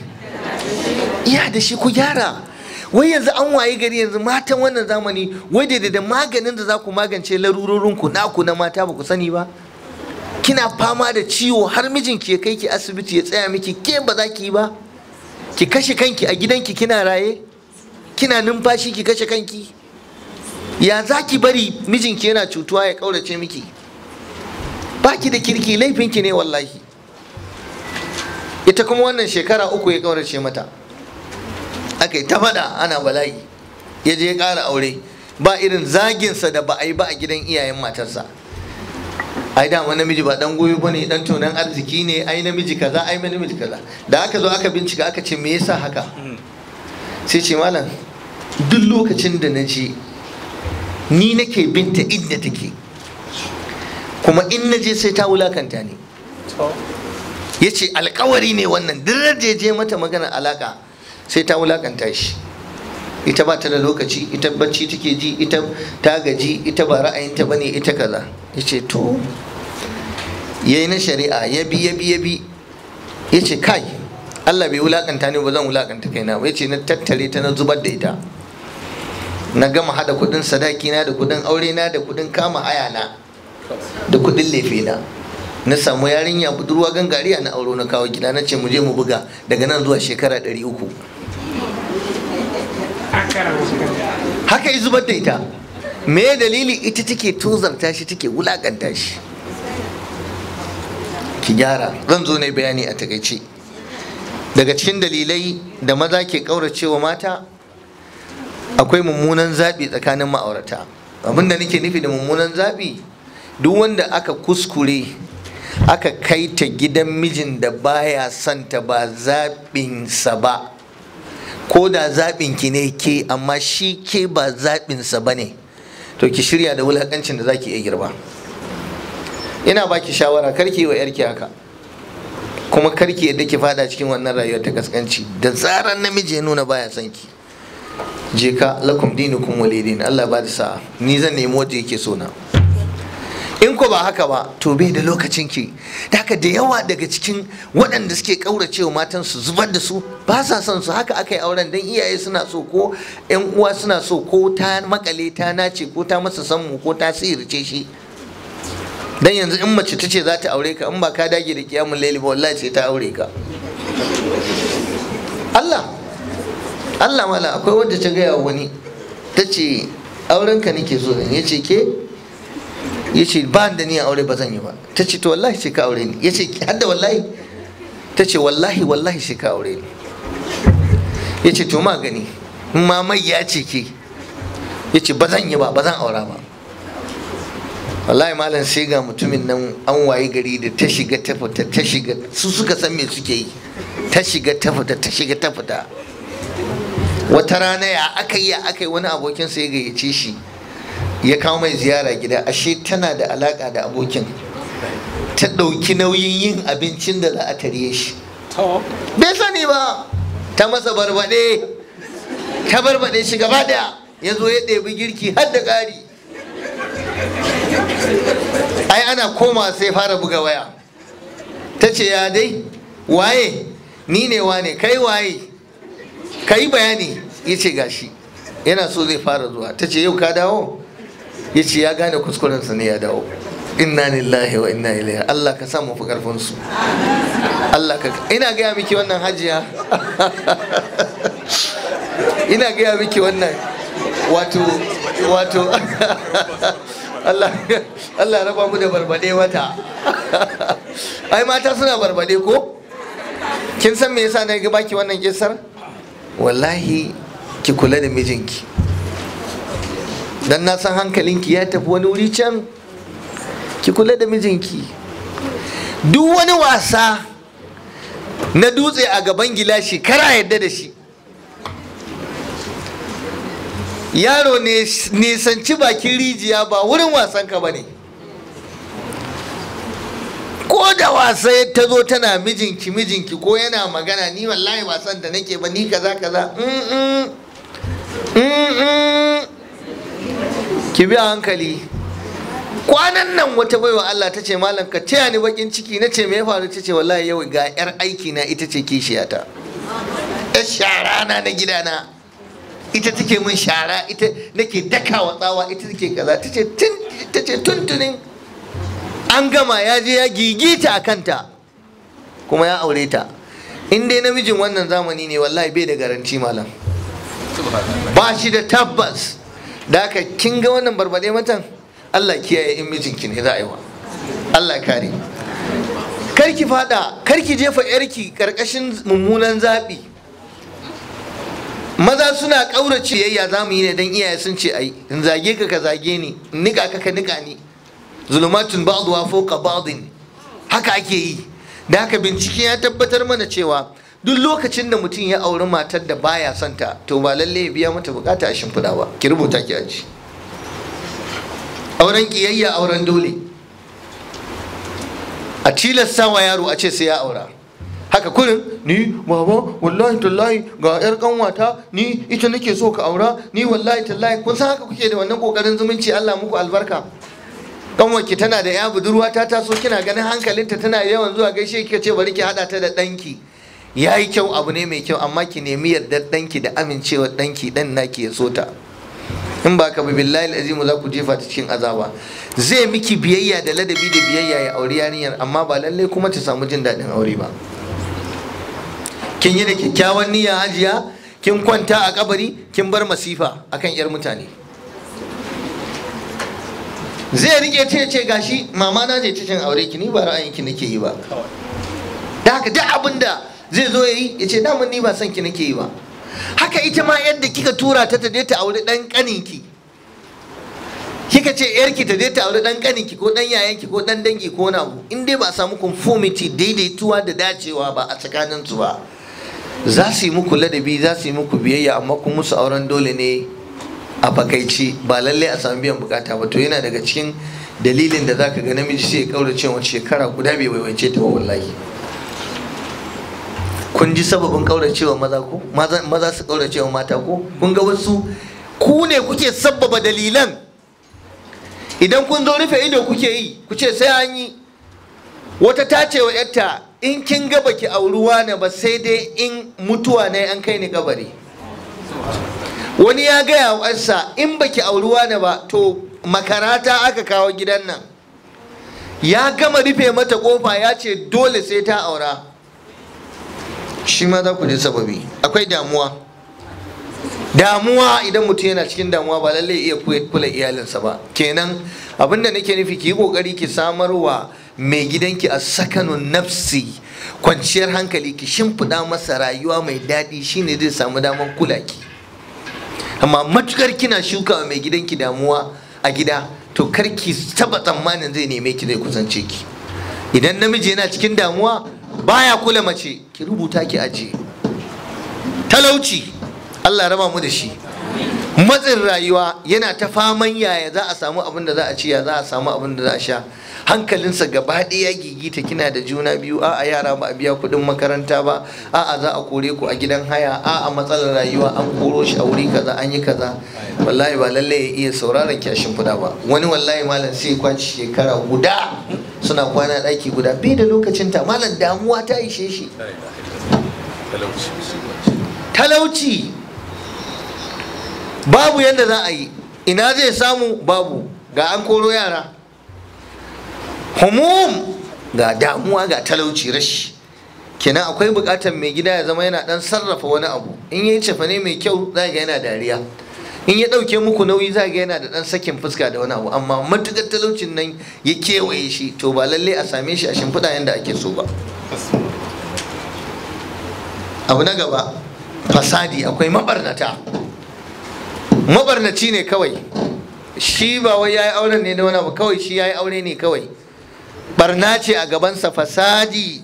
A: iya da shi ku gyara wai yanzu an waye gari yanzu matan wannan zamani wai da da maganin da za ku magance larurorinku naku na mata ba ku sani ba kina fama da ciwo har mijinki ya kai ki asibiti ya tsaya miki ke ba za ki yi ba ki kashe kanki a gidanki kina raye kina numfashi ki kashe kanki ya za ki bari mijinki yana cutuwa ya ƙaurace miki ba ki da kirki laifinki ne wallahi ita kuma wannan shekara uku ya ƙaurace mata aka yi ta faɗa ana bala'i ya je ya ƙara aure ba irin zaginsa da ba a yi ba a gidan iyayen matarsa ai dama namiji ba dan goyo bane dan tunan arziki ne ai namiji kaza ai namiji kaza da aka zo aka bincika aka ce me yasa haka hmm. sai ce malam duk lokacin da na ni nake binta inda take kuma in naje sai ta wulakanta ni Yace alkawari ne wannan duk je mata magana alaka sai ta wulakanta shi ita ba ta da lokaci ita bacci take ji ita ta gaji ita ba ra'ayinta bane ita kaza yace to yayi na shari'a ya ya bi, bi, ya bi. yace kai Allah bai wulakanta ni ba zan wulakanta kaina ba yace na tattare ta na zubar da ita na gama hada kudin sadaki na da kudin aure na da kudin kama haya na da kudin lefe na na samu yarinya budurwa gangariya na aure na kawo gida na ce mu je mu buga daga nan zuwa shekara 300 haka yi zubar da ita me dalili ita take tozarta shi take wulakanta shi ki gyara zan zo na bayani a takaice daga cikin dalilai da maza ke kauracewa mata akwai mummunan zaɓi tsakanin ma'aurata abinda nake nufi da mummunan zaɓi duk wanda aka kuskure aka kai ta gidan mijin da baya santa ba zaɓinsa ba ko da zaɓin ki ne ke amma shi ke ba zaɓinsa ba ne to ki shirya da wulakancin da za ki iya girba ina baki shawara karki wa yarki haka kuma karki yadda ki fada cikin wannan rayuwar ta kaskanci da zarar namiji ya nuna baya son ki je ka lakum dinukum walidin Allah ba da sa'a ni zan nemi wanda yake so na in ko ba haka ba to bai da lokacin ki da haka da yawa daga cikin waɗanda suke ƙauracewa matan su zubar da su ba sa son su haka aka yi auren dan iyaye suna so ko ƴan uwa suna so ko ta makale ta nace ko ta masa sammu ko ta sihirce shi dan yanzu in mace ta ce za ta aure ka in ba ka dage da kiyamun laili ba wallahi sai ta aure ka Allah Allah mala akwai wanda ta gaya wani ta ce aurenka nake so ya yace ke ya ce ba da ni aure ba zan yi ba ta ce to wallahi shi ka aure ni ya ce har da wallahi ta ce wallahi wallahi shi ka aure ni ya ce to ma gani mamai ya ce ke ya ce ba zan yi ba ba zan aura ba wallahi malam sai ga mutumin nan an wayi gari da ta shiga ta fita ta shiga su suka san me suke yi ta shiga ta fita ta shiga ta fita wata rana ya aka yi ya aka yi wani abokin sai ce shi ya kawo mai ziyara gida ashe tana da alaka da abokin ta ɗauki nauyin yin abincin da za a tarye shi bai sani ba ta masa barbaɗe ta barbaɗe shi gaba ɗaya ya zo ya ɗebi girki har da ƙari ai ana koma sai fara buga waya ta ce ya dai waye ni ne wane kai waye kai bayani ya ce gashi yana so zai fara zuwa ta ce yau ka dawo ya ce ya gane kuskurensa ne ya dawo inna lillahi wa inna ilaihi Allah ka mu fi karfin su Allah ka ina gaya miki wannan hajiya ina gaya miki wannan wato wato Allah Allah raba mu da barbade mata ai mata suna barbade ko kin san me yasa na ga baki wannan kissar wallahi ki kula da mijinki dan na san hankalinki ya tafi wani wuri can ki kula da mijinki duk wani wasa na dutse a gaban gilashi kara yadda da shi yaro ne nisanci bakin rijiya ba wurin ka ba ne ko da wasa ta zo tana mijinki mijinki ko yana magana ni wallahi wasan da nake ba ni kaza kaza mm ki bi hankali kwanan nan wata baiwa Allah ta ce malam ka taya ni bakin ciki na ce me ya faru ta ce wallahi yau ga yar aiki na ita ce kishiyata yar shara na na gidana ita take min shara ita nake daka wa tsawa ita take kaza ta ce tun ta ce tuntunin an gama ya je ya gigita a kanta kuma ya aure ta in dai namijin wannan zamani ne wallahi bai da garanti malam ba shi da tabbas da kin ga wannan barbade matan Allah kiyaye in ki ne za a yi wa Allah kare karki fada karki jefa yarki karkashin mummunan zaɓi maza suna ƙaura yayya za mu yi ne don iyaye sun ce ai in zage ka ka zage ni in nika ka ka nika ni zulumatun ba'duwa fawqa ba'din haka ake yi da haka bincike ya tabbatar mana cewa duk lokacin da mutum ya auri matar da baya son to ba lalle ya biya mata bukata a shimfiɗa ba ki rubuta ki aji auren kiyayya auren dole a tilasta wa yaro a ce sai ya aura haka kurin ni baba wallahi tallahi ga yar kanwata ni ita nake so ka aura ni wallahi tallahi kun san haka kuke da wannan kokarin zumunci Allah muku albarka kanwarki tana da ya budurwa ta taso kina ganin hankalinta tana yawan zuwa gaishe kika ce bari ki hada ta da danki ya yi kyau abu ne mai kyau amma ki nemi yardar ɗanki da amincewar danki dan naki ya so ta in ba ka bi billahi azimu za ku jefa ta cikin azaba zai miki biyayya da ladabi da biyayya ya aure yarinyar amma ba lallai kuma ta samu jin daɗin aure ba kin yi da kyakkyawan niyya hajiya kin kwanta a kabari kin bar masifa akan yar mutane zai rike ce ce gashi mama na je cikin aure ki ni ba ra'ayin ki nake yi ba da haka duk abinda zai zo yi? ya ce daman ni ba son ki nake yi ba haka ita ma yadda kika tura ta ta je ta auri dan kaninki kika ce yarki ta je ta auri dan kaninki ko dan yayanki ko dan dangi ko na in dai ba a samu conformity daidaituwa da dacewa ba a tsakanin su ba za su yi muku ladabi za su yi muku biyayya amma kun musu auren dole ne a fakaici ba lallai a samu biyan bukata ba to yana daga cikin dalilin da zaka ga namiji sai ya kaurace wa shekara guda bai waiwace ta wallahi kun ji sababin kauracewa maza ko maza su kauracewa mata ko kun ga wasu ku ne kuke sababa dalilan idan kun zo rufe ido kuke yi ku ce sai an yi wata ta ce wa yarta in kin ga baki auruwa ne ba sai dai in mutuwa ne an kai ni kabari wani ya gaya wa in baki auruwa ne ba to makarata aka kawo gidan nan ya gama rufe mata kofa ya ce dole sai ta aura shi ma za ku ji sababi akwai damuwa damuwa idan mutum yana cikin damuwa ba lallai iya kula iyalinsa ba kenan abin da nake nufi ki yi kokari ki samarwa mai gidanki a sakanun nafsi kwanciyar hankali ki shimfiɗa masa rayuwa mai daɗi shine zai samu damar kula ki amma matukar kina shuka mai gidanki damuwa a gida to kar ki taba tsammanin zai neme ki zai kusance ki idan namiji yana cikin damuwa baya kula mace ki rubuta ki aje talauci Allah raba mu da shi matsin rayuwa yana ta faman yaya za a samu abin da za a ci ya za a samu abin da za a sha hankalinsa gaba ɗaya gigita kina da juna biyu a a yara ba a biya kuɗin makaranta ba a a za a kore ku a gidan haya a a matsalar rayuwa an koro shi a wuri kaza an yi kaza wallahi ba lalle ya iya sauraron kyashin fuda ba wani wallahi malam sai kwanci shekara guda suna kwana ɗaki guda bi da lokacin ta malam damuwa ta ishe shi talauci babu yadda za a yi ina zai samu babu ga an koro yara humum ga damuwa ga talauci rashi kenan akwai bukatar mai gida ya zama yana dan sarrafa wani abu in yi ne mai kyau za ga yana dariya in ya dauke muku nauyi za ga yana da ɗan sakin fuska da wani abu amma matukar talaucin nan ya kewaye shi to ba lalle a same shi a shimfiɗa yadda ake so ba abu na gaba fasadi akwai mabarnata mabarnaci ne kawai shi ba wai yayi auren ne da wani abu kawai shi yayi aure ne kawai barna ce a gabansa fasadi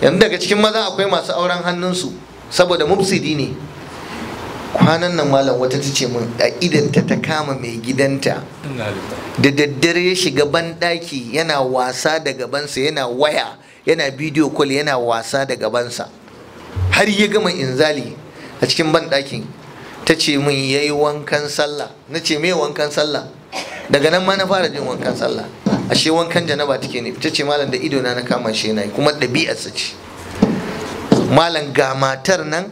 A: yanzu daga cikin maza akwai masu auren hannunsu saboda mufsidi ne kwanan nan malam wata ta ce mun a idanta ta kama mai gidanta da daddare ya shiga banɗaki yana wasa da gabansa yana waya yana bidiyo kwal yana wasa da gabansa har ya gama inzali a cikin banɗakin ta ce min ya yi wankan sallah na ce me wankan sallah daga nan ma na fara jin wankan sallah ashe wankan janaba take ne ta ce malam da idona na kama shi na kuma sa ce malam ga matar nan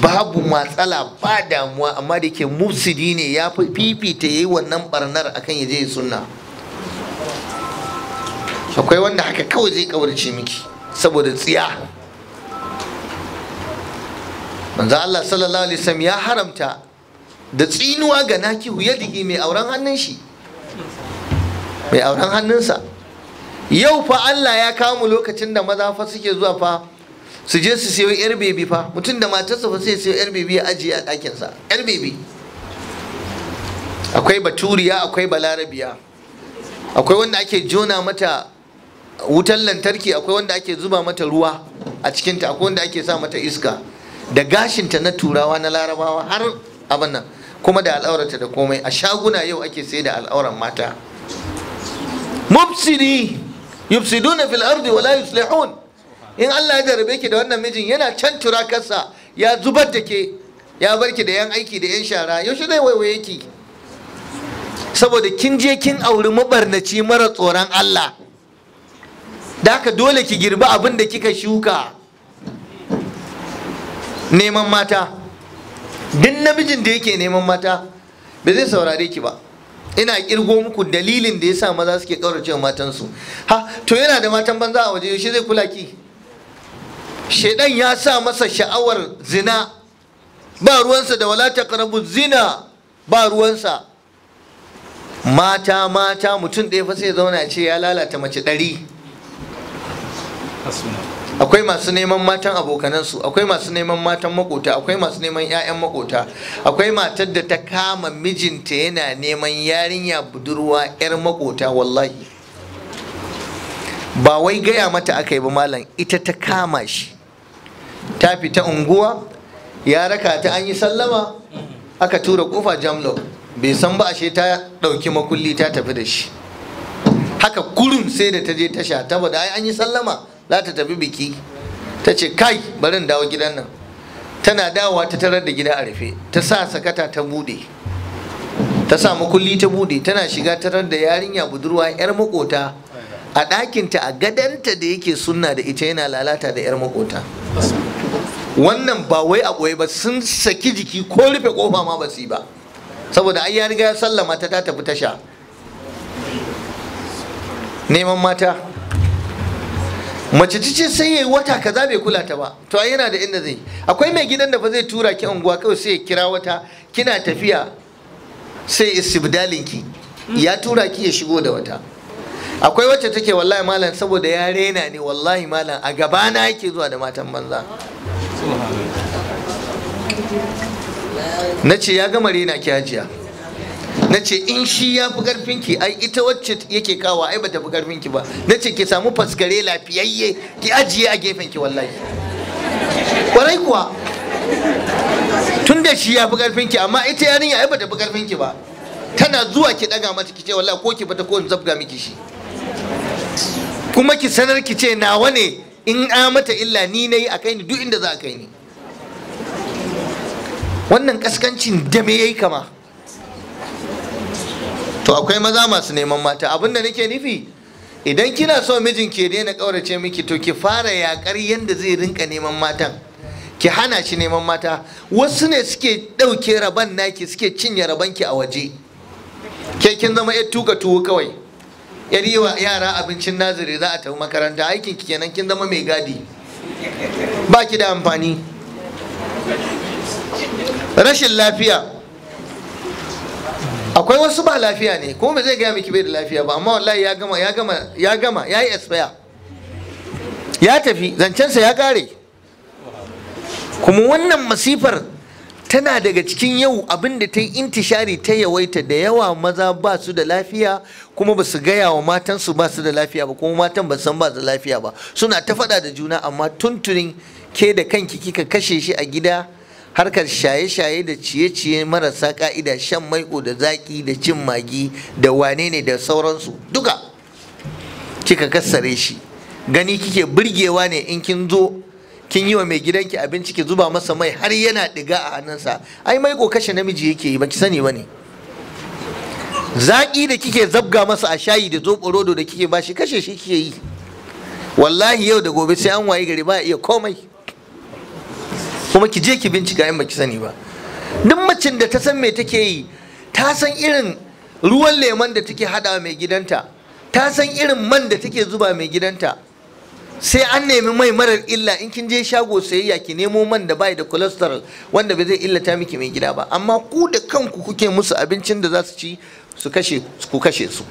A: babu matsala ba damuwa amma da ke musidi ne ya fi fifita ya yi wannan barnar akan ya je sunna akwai wanda haka kawai zai kaurace miki saboda tsiya manzo Allah sallallahu alaihi wasallam ya haramta da tsinuwa ga nakihu yadihi mai auren hannun shi mai auren hannunsa yau fa Allah ya mu lokacin da maza fa suke zuwa fa su je su siyo yar bebi fa mutum da matarsa fa sai siyo yar bebi ya ajiye a ɗakinsa yar bebi akwai baturiya akwai balarabiya akwai wanda ake jona mata wutar lantarki akwai wanda ake zuba mata ruwa a cikinta akwai wanda ake sa mata iska da gashinta na turawa na larabawa har abin nan kuma da al'aurata da komai a shaguna yau ake sai da al'auran mata mubsiri yufsiduna fil ardi wala yuslihun in Allah ya jarabe ki da wannan mijin yana can turakarsa ya zubar da ke ya bar ki da yan aiki da yan shara yaushe zai waiwaye ki saboda kin je kin auri mabarnaci mara tsoron Allah da haka dole ki girbi abin da kika shuka neman mata duk namijin da yake neman mata ba zai saurare ki ba ina kirgo muku dalilin da ya sa maza suke kaurace wa matansu ha to yana da matan banza a waje yaushe zai kula ki shaidan ya sa masa sha'awar zina ba ruwansa da wala karabu zina ba ruwansa mata mata mutum ɗaya fa ya zauna ce ya lalata mace ɗari akwai masu neman matan abokanansu akwai masu neman matan makota akwai masu neman 'ya'yan makota akwai matar da ta kama mijinta yana neman yarinya budurwa 'yar makota wallahi ba wai gaya mata aka yi ba malam ita ta kama shi ta fita unguwa ya raka ta an yi sallama aka tura kofa jamlo bai san ba ashe ta ɗauki makulli ta tafi da shi haka kurun sai da ta je tasha ta da ai an yi sallama za ta tafi biki ta ce kai barin dawo gidan nan tana dawowa ta tarar da gida a rufe ta sa sakata ta bude ta sa makulli ta bude tana shiga tarar da yarinya budurwa yar makota a ɗakinta a gadanta da yake sunna da ita yana lalata da yar makota wannan ba wai a ba sun saki jiki ko rufe kofa ma ba su yi ba saboda ai ya riga ya sallama ta ta tafi tasha neman mata mace ce sai yayi wata kaza bai kula ta ba to ai yana da inda zai akwai mai gidan da fa zai tura ki unguwa kawai sai ya kira wata kina tafiya sai istibdalin ki ya tura ki ya shigo da wata akwai wacce take wallahi malam saboda ya rena ne wallahi malam a gaba na yake zuwa da matan banza na ce ya gama rena ki hajiya na ce in shi ya fi karfin ki ai ita wacce yake kawa ai bata fi karfin ki ba na ce ki samu fasgare lafiyayye ki ajiye a gefen ki wallahi kwarai kuwa tun da shi ya fi karfin ki amma ita yarinya ai bata fi karfin ki ba tana zuwa ki daga mata ki ce wallahi ko ki bata ko in zabga miki shi kuma ki sanar ki ce nawa ne in a mata illa ni nayi akai ni duk inda za a kai ni wannan kaskancin da me yayi kama to akwai maza masu neman mata abinda nake nufi idan kina so mijin ke daina ƙaurace miki to ki fara yakar yadda zai rinka neman matan ki hana shi neman mata wasu ne suke ɗauke raban naki suke cinye rabanki a waje ke kin zama yar tuka tuwo kawai yar yi wa yara abincin naziri za a tafi makaranta aikin ki kenan kin zama mai gadi ba ki da amfani rashin lafiya akwai wasu ba lafiya ne kuma ba zai gaya miki bai da lafiya ba amma wallahi ya gama ya gama ya gama ya yi expire ya tafi zancensa ya kare kuma wannan masifar tana daga cikin yau abin da ta yi intishari ta yawaita da yawa maza ba su da lafiya kuma ba su gaya wa matansu ba su da lafiya ba kuma matan ba san ba su da lafiya ba suna ta faɗa da juna amma tuntunin ke da kanki kika kashe shi a gida harkar shaye-shaye da ciye-ciye marasa ka'ida shan maiko da zaki da cin magi da wane ne da sauransu duka kika kassare shi gani kike burgewa ne in kin zo kin yi wa mai gidanki abinci ki zuba masa mai har yana diga a hannunsa ai maiko kashe namiji yake yi baki sani bane zaki da kike zabga masa a shayi da zoɓo rodo da kike bashi kashe shi kike yi wallahi yau da gobe sai an waye gari ba iya komai kuma ki je ki bincika in baki sani ba duk macin da ta san me take yi ta san irin ruwan lemon da take hada mai gidanta ta san irin man da take zuba mai gidanta sai an nemi mai marar illa in kin je shago sayayya ki nemo man da bai da cholesterol wanda bai zai illata miki mai gida ba amma ku da kanku kuke musu abincin da za su ci su kashe ku kashe su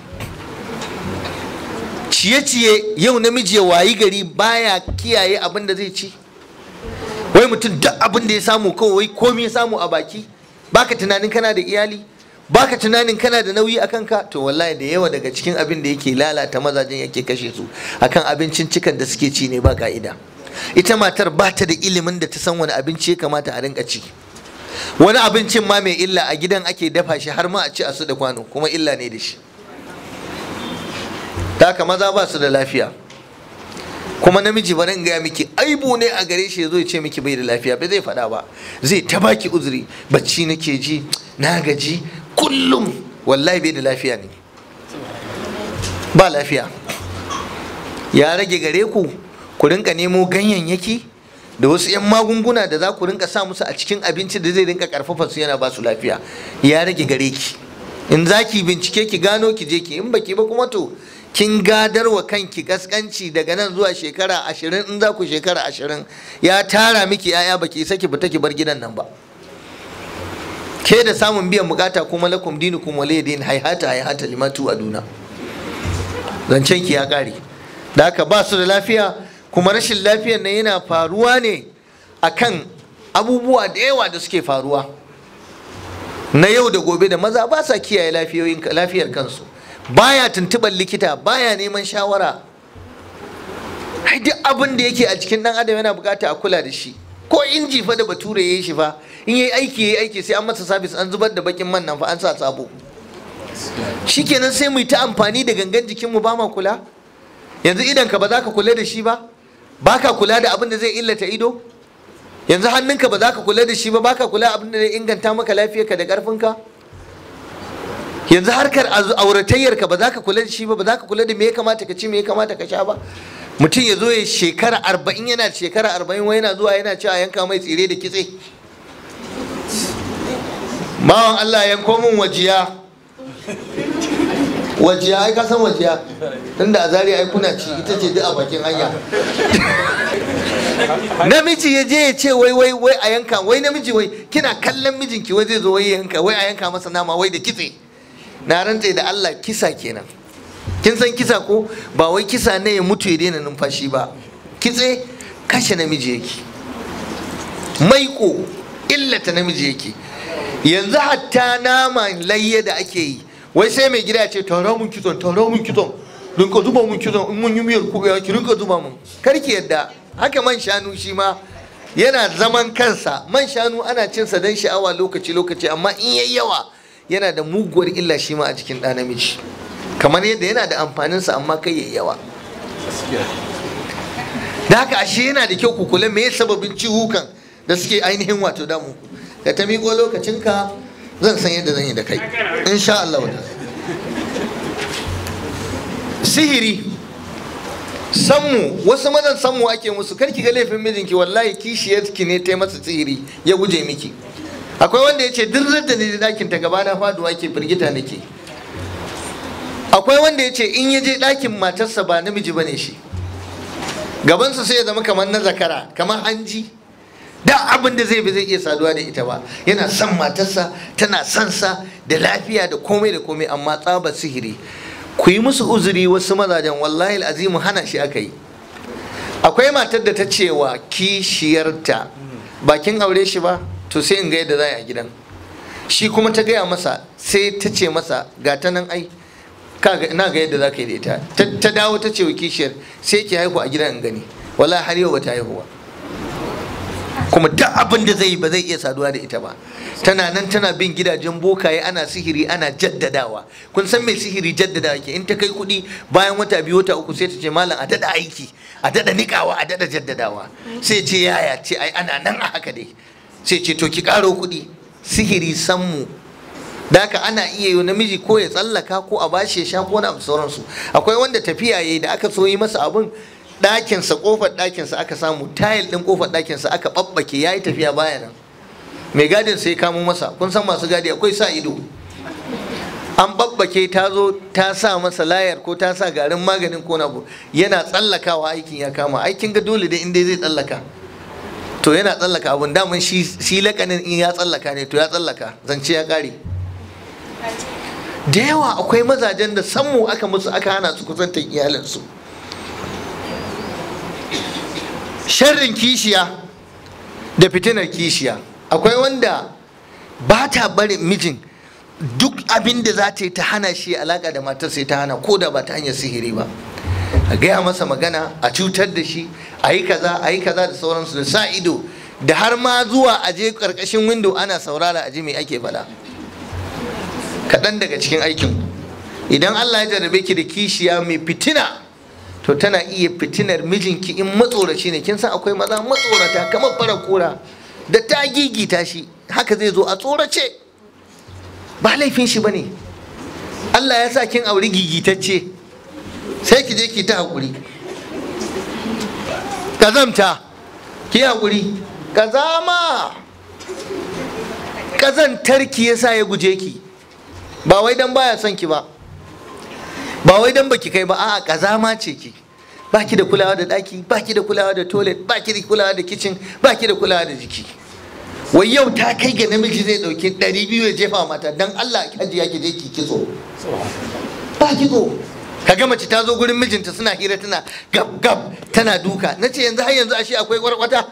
A: ciye-ciye yau namiji ya wayi gari baya kiyaye abin da zai ci wai mutum duk abin da ya samu kawai komi ya samu a baki baka tunanin kana da iyali baka tunanin kana da nauyi a kanka to wallahi da yawa daga cikin abin da yake lalata mazajen yake kashe su akan abincin cikan da suke ci ne ba ka'ida ita matar ba ta da ilimin da ta san wani abinci ya kamata a rinka ci wani abincin ma mai illa a gidan ake dafa shi har ma a ci a su da kwano kuma illa ne da shi ta maza ba su da lafiya kuma namiji ba nan gaya miki aibu ne a gare shi ya zo ya ce miki bai da lafiya ba zai faɗa ba zai ta baki uzuri bacci nake ji na gaji kullum wallahi bai da lafiya ne ba lafiya ya rage gare ku ku rinka nemo ganyayyaki da wasu 'yan magunguna da za ku rinka sa musu a cikin abinci da zai rinka karfafa su yana ba su lafiya ya rage gare ki in za ki bincike ki gano ki je ki in baki ba kuma to kin gadar wa kanki gaskanci daga nan zuwa shekara ashirin in za ku shekara ashirin ya tara miki yaya baki isa ki fita ki bar gidan nan ba ke da samun biyan bukata kuma lakum dinukum din haihata haihata limatu aduna zancen ki ya kare da haka ba su da lafiya kuma rashin lafiyar nan yana faruwa ne akan abubuwa da yawa da suke faruwa na yau da gobe da maza ba sa kiyaye lafiyar kansu baya tuntuɓar likita baya neman shawara duk abin da yake a cikin ɗan adam yana bukata a kula da shi ko inji fa da bature ya yi shi fa in yi aiki yayi aiki sai an masa sabis an zubar da bakin man nan fa an sa sabo shikenan sai mu yi ta amfani da gangan jikin mu ba ma kula yanzu idan ka ba za ka kula da shi ba ba ka kula da abin da zai illata ido yanzu hannunka ba za ka kula da shi ba ba ka kula abin da zai inganta maka lafiyarka da ƙarfinka yanzu harkar auratayyar ka ba za ka kula da shi ba ba za ka kula da me ya kamata ka ci me ya kamata ka sha ba mutum ya zo ya shekara arba'in yana shekara arba'in wai yana zuwa yana cewa yanka mai tsire da kitse bawan Allah yanko min wajiya wajiya ai ka san wajiya tun da azari ai kuna ci ita ce duk a bakin hanya namiji ya je ya ce wai wai wai a yanka wai namiji wai kina kallon mijinki wai zai zo wai yanka wai a yanka masa nama wai da kitse na rantse da Allah kisa kenan kin san kisa ko ba wai kisa ne ya mutu ya daina numfashi ba kitse kashe namiji yake maiko illata namiji yake yanzu hatta nama layya da ake yi wai sai mai gida ce tara mun kitson tara mun kitson rinka zuba mun kitson in mun yi miyar kubewa ya rinka zuba mun kar ki yadda haka man shanu shi ma yana zaman kansa man shanu ana cin sa dan sha'awa lokaci lokaci amma in yayi yawa yana da muguwar illa shi ma a jikin ɗa namiji kamar yadda yana da amfaninsa amma kai yayi yawa da haka ashe yana da kyau ku kula me sababin ciwukan da suke ainihin wato damu da ta miƙo lokacinka zan san yadda zan yi da kai insha Allah sihiri sammu wasu mazan sammu ake musu karki ga laifin mijinki wallahi kishiyarki ne ta masa ya guje miki akwai wanda ya ce duk da ne dakin ta gaba na faduwa ke firgita nake akwai wanda ya ce in ya je dakin matarsa ba namiji ba ne shi gabansa sai ya zama kamar na zakara kamar hanji da abin da zai bi zai iya saduwa da ita ba yana son matarsa tana son sa da lafiya da komai da komai amma tsaba sihiri ku yi musu uzuri wasu mazajen wallahi azimu hana shi aka yi akwai matar da ta cewa kishiyarta bakin aure shi ba to sai in ga yadda za a gidan shi kuma ta gaya masa sai ta ce masa ga ta nan ai na ga yadda za ka yi da ita ta dawo ta ce wa kishiyar sai ki haihu a gidan gani wala har yau ba ta haihuwa kuma duk abin da zai yi ba zai iya saduwa da ita ba tana nan tana bin gidajen bokaye ana sihiri ana jaddadawa kun san mai sihiri jaddadawa ke in ta kai kuɗi bayan wata biyu wata uku sai ta ce malam a dada aiki a dada nikawa a dada jaddadawa sai ce yaya ce ai ana nan a haka dai sai ce to ki karo kuɗi sihiri sammu da haka ana iya yi namiji ko ya tsallaka ko a bashi ya sha ko na sauransu akwai wanda tafiya yayi da aka so yi masa abin ɗakinsa kofar ɗakinsa aka samu tayil ɗin kofar ɗakinsa aka ɓaɓɓake ya yi tafiya baya nan mai gadin sai kamo masa kun san masu gadi akwai sa ido an babbake ta zo ta sa masa layar ko ta sa garin maganin ko na yana tsallakawa aikin ya kama aikin ga dole in inda zai tsallaka to yana tsallaka abun daman shi lakanin in ya tsallaka ne to ya tsallaka zance ya kare da yawa akwai mazajen da sammu aka musu aka hana su kusantar iyalinsu sharrin kishiya da fitinar kishiya akwai wanda ba ta barin mijin duk abin da za ta yi ta hana shi alaka da matar sai ta hana ko da ba ta hanyar sihiri ba a gaya masa magana a cutar da shi a yi kaza a yi kaza da sauransu da sa ido da har ma zuwa a je karkashin windo ana saurara a ji me ake faɗa kaɗan daga cikin aikin idan Allah ya jarrabe ki da kishiya mai fitina to tana iya fitinar mijinki in matsoraci ne kin san akwai maza matsorata kamar fara kura da ta gigita shi haka zai zo a tsorace ba laifin shi bane Allah ya sa kin auri gigitacce sai ki je ki ta hakuri, kazamta ki hakuri, kazama! Kazantar ki ya sa ya guje ki ba wai dan baya son ki ba ba wai dan baki kai ba a'a kazama ce ki baki da kulawa da ba baki da kulawa da toilet baki da kulawa da kitchen baki da kulawa da jiki wai yau ta kai ga namiji zai ɗauki ɗari biyu ya jefa mata dan Allah hajiya ki je ki kitso ba kitso kaga mace ta zo gurin mijinta suna hira tana gab gab tana duka na ce yanzu har yanzu ashe akwai kwarkwata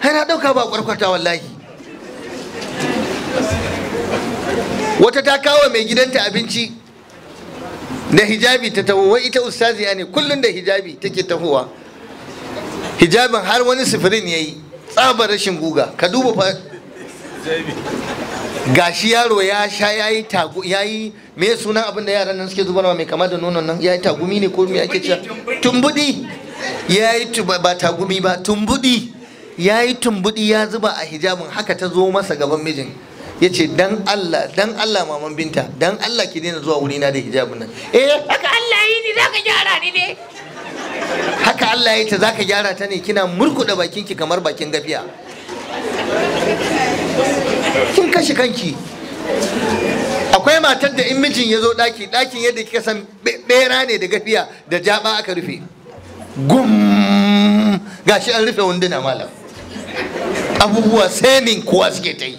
A: har na dauka ba kwarkwata wallahi wata ta kawo mai gidanta abinci da hijabi ta taho wai ita ustazi ne kullum da hijabi take tahowa hijabin har wani sifirin yayi tsabar rashin guga ka duba fa gashi yaro ya sha yi tagu yayi me sunan abin da yaran nan suke zubarwa mai kama da nonon nan ya yi tagumi ne ko me ake cewa tumbudi yi ba tagumi ba tumbudi yi tumbudi ya zuba a hijabin haka ta zo masa gaban mijin yace dan Allah dan Allah maman binta dan Allah ki daina zuwa wurina da hijabin nan eh haka Allah yi ni zaka gyara ni ne haka Allah ya ce zaka gyara ta ne kina murkuda bakinki kamar bakin gafiya kin kashe kanki akwai matar da in mijin ya zo ɗaki ɗakin yadda kika san bera ne da gafiya da jaba aka rufe gum gashi an rufe wunduna malam abubuwa sai kuwa suke ta yi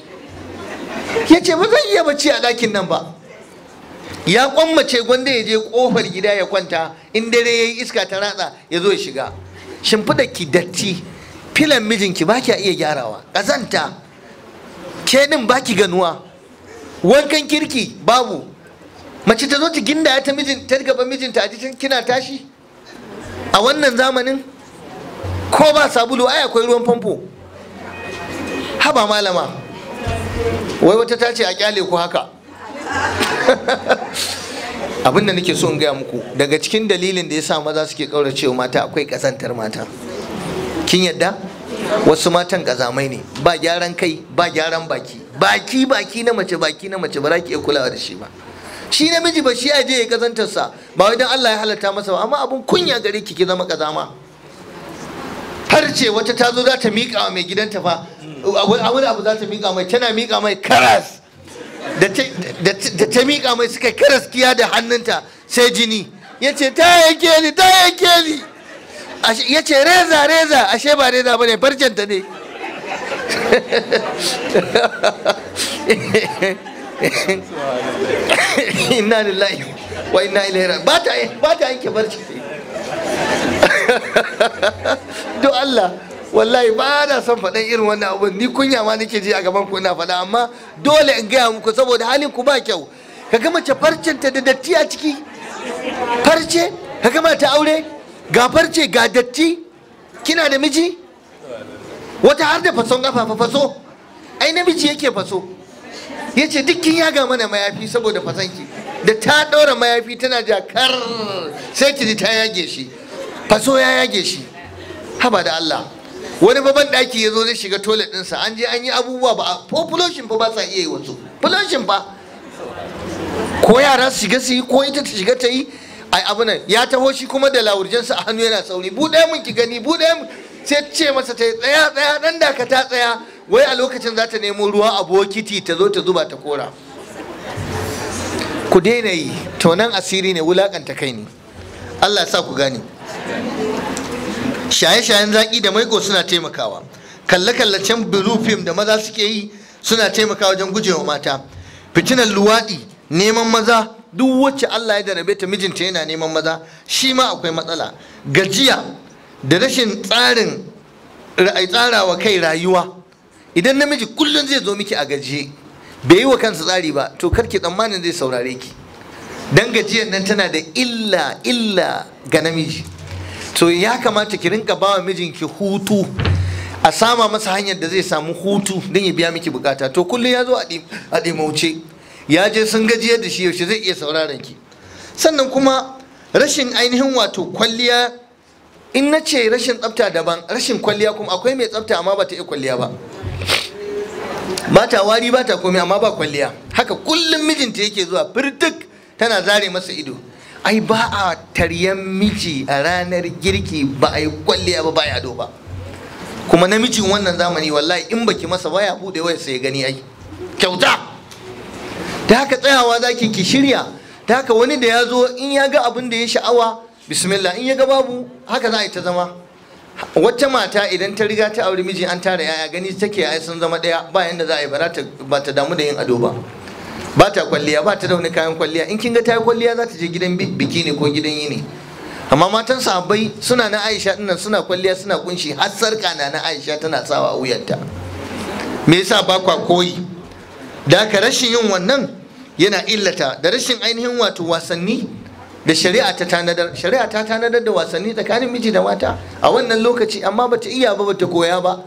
A: ya ce ba zan iya bacci a ɗakin nan ba ya kwammace gwanda ya je kofar gida ya kwanta in dare ya yi iska ta ratsa ya zo ya shiga shimfiɗa ki datti filan mijinki ba kya iya gyarawa ƙazanta ke din baki ganuwa wankan kirki babu mace ta zo ta ginda ta mijin ta gaba mijinta a jikin kina tashi a wannan zamanin ko ba sabulu ai akwai ruwan famfo haba malama wai wata ta ce a kyale ku haka abin da nake so in gaya muku daga cikin dalilin da ya sa maza suke kaurace mata akwai kasantar mata kin yadda wasu matan kazamai ne ba gyaran kai ba gyaran baki baki baki na mace baki na mace ba za ki iya kulawa da shi ba shi namiji ba shi aje ya kazantar sa ba wai dan Allah ya halatta masa ba amma abun kunya gare ki ki zama kazama har ce wata ta zo za ta miƙa wa mai gidanta fa wani abu za ta miƙa mai tana miƙa mai karas da ta miƙa mai suka karas kiya da hannunta sai jini Yace ta yake ni ta yake ni ya ce reza reza ashe ba reza ba ne ne inna lillahi wa inna ilaihi raji'un ba ta ba ta yanke barci do Allah wallahi ba na son faɗan irin wannan abu ni kunya ma nake ji a gaban ku ina faɗa amma dole in gaya muku saboda halin ku ba kyau ka gama ce farcinta da datti a ciki farce ka gama ta aure gafar ce ga datti kina da miji wata har da fason kafa faso ai namiji yake faso ya ce dukkin ga mana mayafi saboda fasonki. da ta ɗora mayafi tana jakar sai ki ji ta yage shi faso ya yage shi haba da Allah wani baban ɗaki ya zo zai shiga toilet ɗinsa an je an yi abubuwa ba ko fuloshin fa ba sa iya yi wasu fuloshin fa ko yara su shiga su yi ko ita ta shiga ta yi ai abu nan ya taho shi kuma da lawurjansa a hannu yana sauri buɗe mun ki gani buɗe mun sai ce masa ta tsaya tsaya dan da ka ta tsaya wai a lokacin za ta nemo ruwa a bokiti ta zo ta zuba ta kora ku daina yi nan asiri ne wulakanta kai ne Allah sa ku gane shaye-shayen zaki da maiko suna taimakawa kalle-kallacen film da maza suke yi suna taimakawa wajen gujewa mata fitinan luwaɗi neman maza duk wacce Allah ya jarabe ta mijinta yana neman maza shi ma akwai matsala gajiya da rashin tsarin ra'ayi tsarawa kai rayuwa idan namiji kullum zai zo miki a gajiye bai yi wa kansa tsari ba to kar karki tsammanin zai saurare ki dan gajiyar nan tana da illa illa ga namiji to ya kamata ki rinka bawa mijinki hutu a sama masa hanyar da zai samu hutu don ya biya miki bukata to kullum ya zo a ɗimauce ya je sun gajiyar da shi yaushe zai iya sauraron ki sannan kuma rashin ainihin wato kwalliya in na ce rashin tsafta daban rashin kwalliya kuma akwai mai tsafta amma ba ta iya kwalliya ba ba ta wari ba ta komai amma ba kwalliya haka kullum mijinta yake zuwa firtik tana zare masa ido ai ba a taryan miji a ranar girki ba a yi kwalliya ba ba ya doba. ba kuma namijin wannan zamani wallahi in baki masa waya bude waya sai gani ai kyauta ta haka tsayawa zaki ki shirya ta haka wani da ya zo in ya ga abin da ya sha'awa bismillah in ya ga babu haka za a yi ta zama Wacce mata idan ta riga ta auri miji an tara yaya gani take ya sun zama daya ba yadda za a yi ba ta damu da yin ado ba ba ta kwalliya ba ta dauni kayan kwalliya in kin ga ta yi kwalliya za ta je gidan biki ne ko gidan yi ne. amma matan sahabbai suna na Aisha dinnan suna kwalliya suna kunshi har sarka na na Aisha tana sawa a wuyanta me yasa ba kwa koyi da ka rashin yin wannan yana illata da rashin ainihin wato wasanni da shari'a ta tanadar shari'a ta tanadar da wasanni tsakanin miji da mata a wannan lokaci amma bata iya ba bata koya ba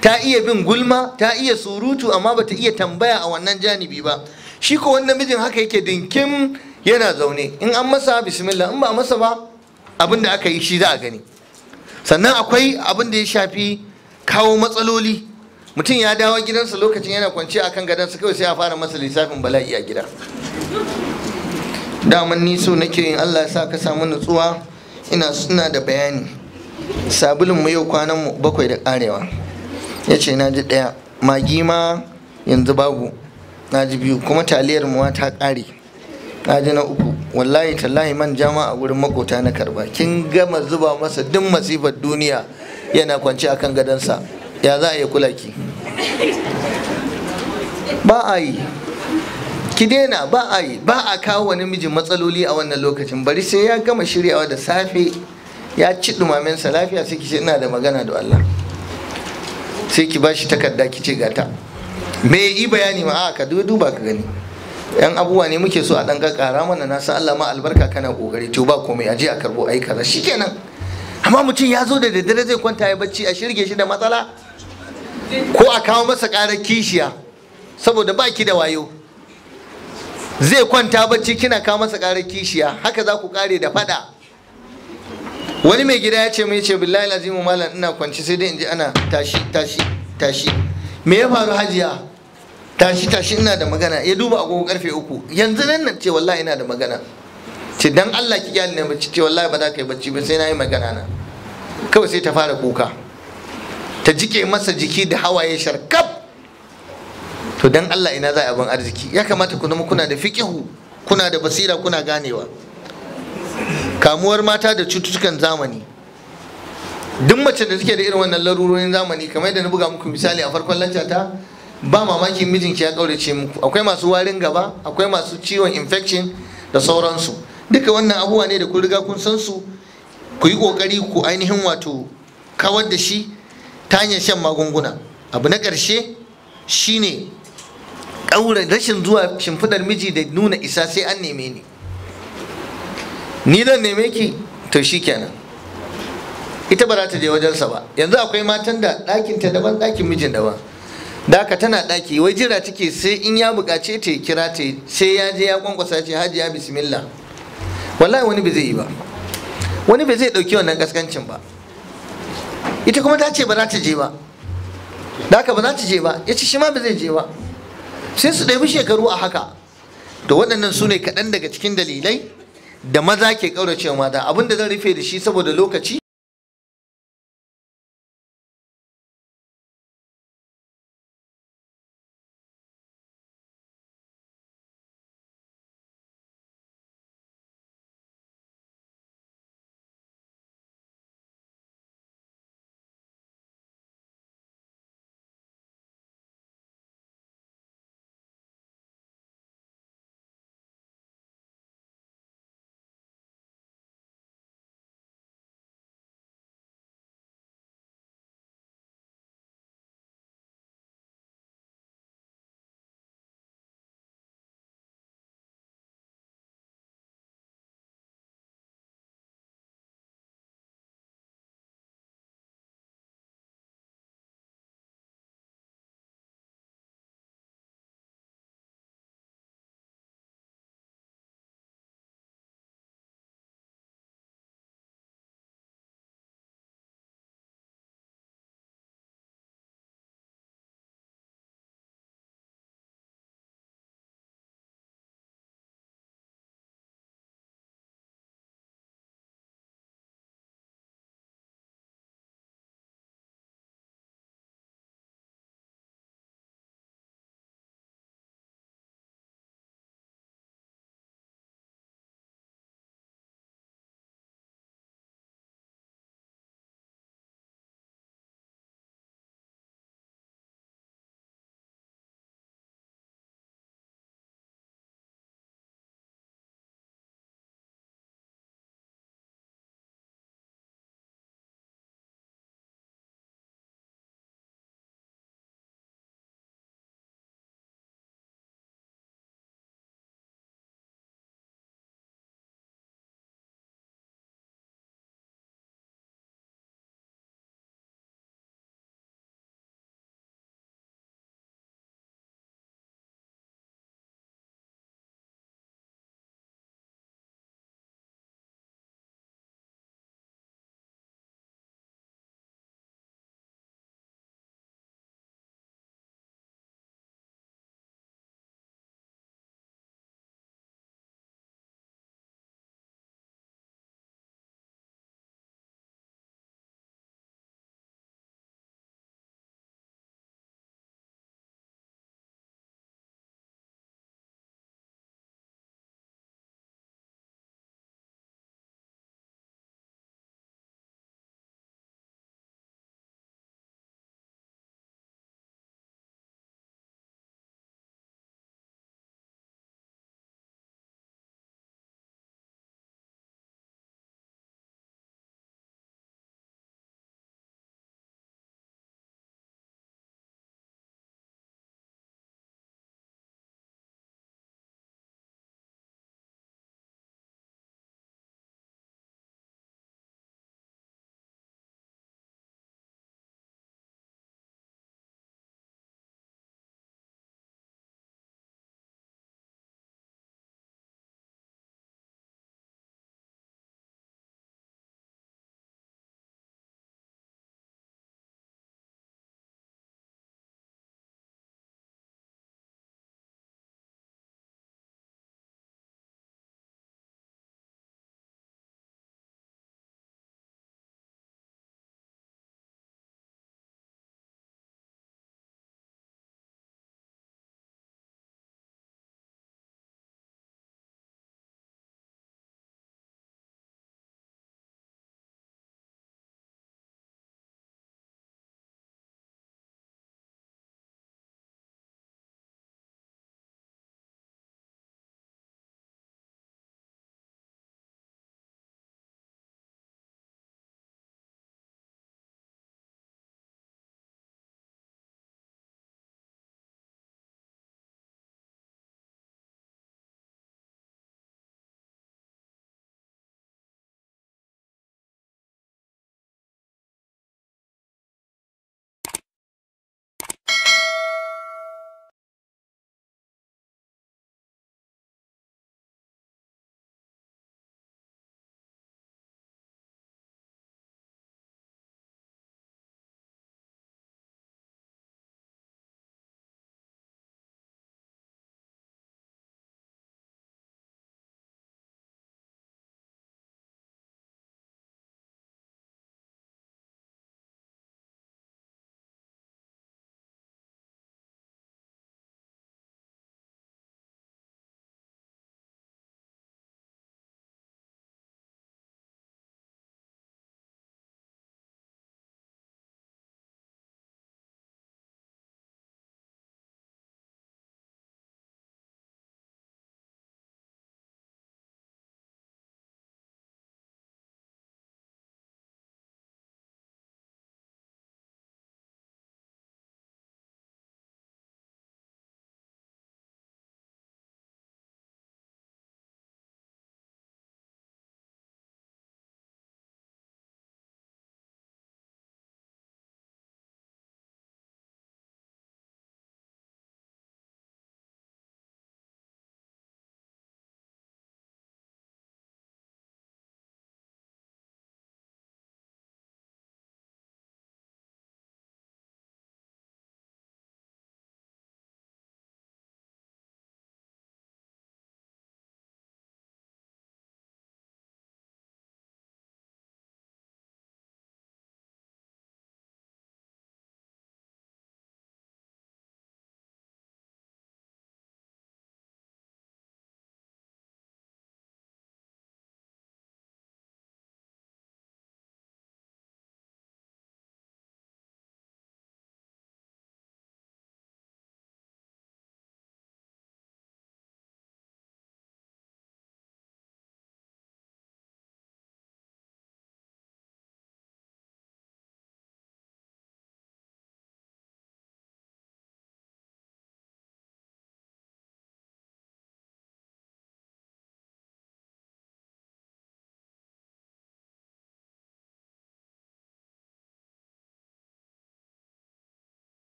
A: ta iya bin gulma ta iya surutu amma bata iya tambaya a wannan janibi ba shi ko wannan mijin haka yake dinkin yana zaune in an masa bismillah in ba masa ba abin da aka yi shi za a gani sannan akwai abin da ya shafi kawo matsaloli mutum ya dawo gidansa lokacin yana kwance a kan gadansa kawai sai a fara masa lissafin bala'i a gida daman ni so nake yin allah sa ka samu nutsuwa ina suna da bayani sabulin mu yau kwanan mu bakwai da karewa ya ce na ji ɗaya magi ma yanzu babu na ji biyu kuma taliyar mu ta ƙare na ji na uku wallahi tallahi man jama a wurin makota na karba kin gama zuba masa duk masifar duniya yana kwance akan gadansa ya za a yi kula ki ba a yi ki daina ba a yi ba a kawo wa namiji matsaloli a wannan lokacin bari sai ya gama shiryawa da safe ya ci dumaminsa lafiya sai ki ce ina da magana da Allah sai ki bashi takarda ki ce gata me yi bayani ma a ka duba ka gani yan abubuwa ne muke so a dan kakara mana na san Allah ma albarka kana kokari to ba komai aje a karbo ai kaza shikenan amma mutum ya zo da daddare zai kwanta ya bacci a shirge shi da matsala ko a kawo masa ƙarar kishiya saboda ba ki da wayo zai kwanta bacci kina kawo masa ƙarar kishiya haka za ku ƙare da faɗa wani mai gida ya ce mai ce billahi lazimu malam ina kwanci sai dai in ji ana tashi tashi tashi me ya faru hajiya tashi tashi ina da magana ya duba agogo karfe uku yanzu nan nan ce wallahi ina da magana ce dan Allah ki kyale ne ce wallahi ba za ka yi bacci ba sai na yi magana na kawai sai ta fara kuka ta jike masa jiki da hawaye sharkaf to dan Allah ina za a abin arziki ya kamata ku zama kuna da fiqihu kuna da basira kuna ganewa kamuwar mata da cututtukan zamani duk mace da take da irin wannan larurorin zamani kamar yadda na buga muku misali a farkon lancata ba mamaki mijinki ya kaurace muku akwai masu warin gaba akwai masu ciwon infection da sauransu duka wannan abubuwa ne da kun riga kun san su ku yi kokari ku ainihin wato kawar da shi ta hanyar shan magunguna abu na ƙarshe shine ƙaura rashin zuwa shimfidar miji da nuna isa sai an neme ni ni zan neme ki to kenan. ita ba za ta je wajensa ba yanzu akwai matan da ta daban ɗakin mijin daban Da haka tana ɗaki wai jira take sai in ya buƙace ta kira ta sai ya je ya kwankwasa ce hajiya bismillah wallahi wani bai zai yi ba wani bai zai ɗauki wannan kaskancin ba ita kuma ta ce ba za ta je ba da ka ba za ta je ba ya ce shi ma ba zai je ba sai su ɗaibi shekaru a haka to waɗannan su ne kaɗan daga cikin dalilai da maza ke cewa mata abinda zan rufe da shi saboda lokaci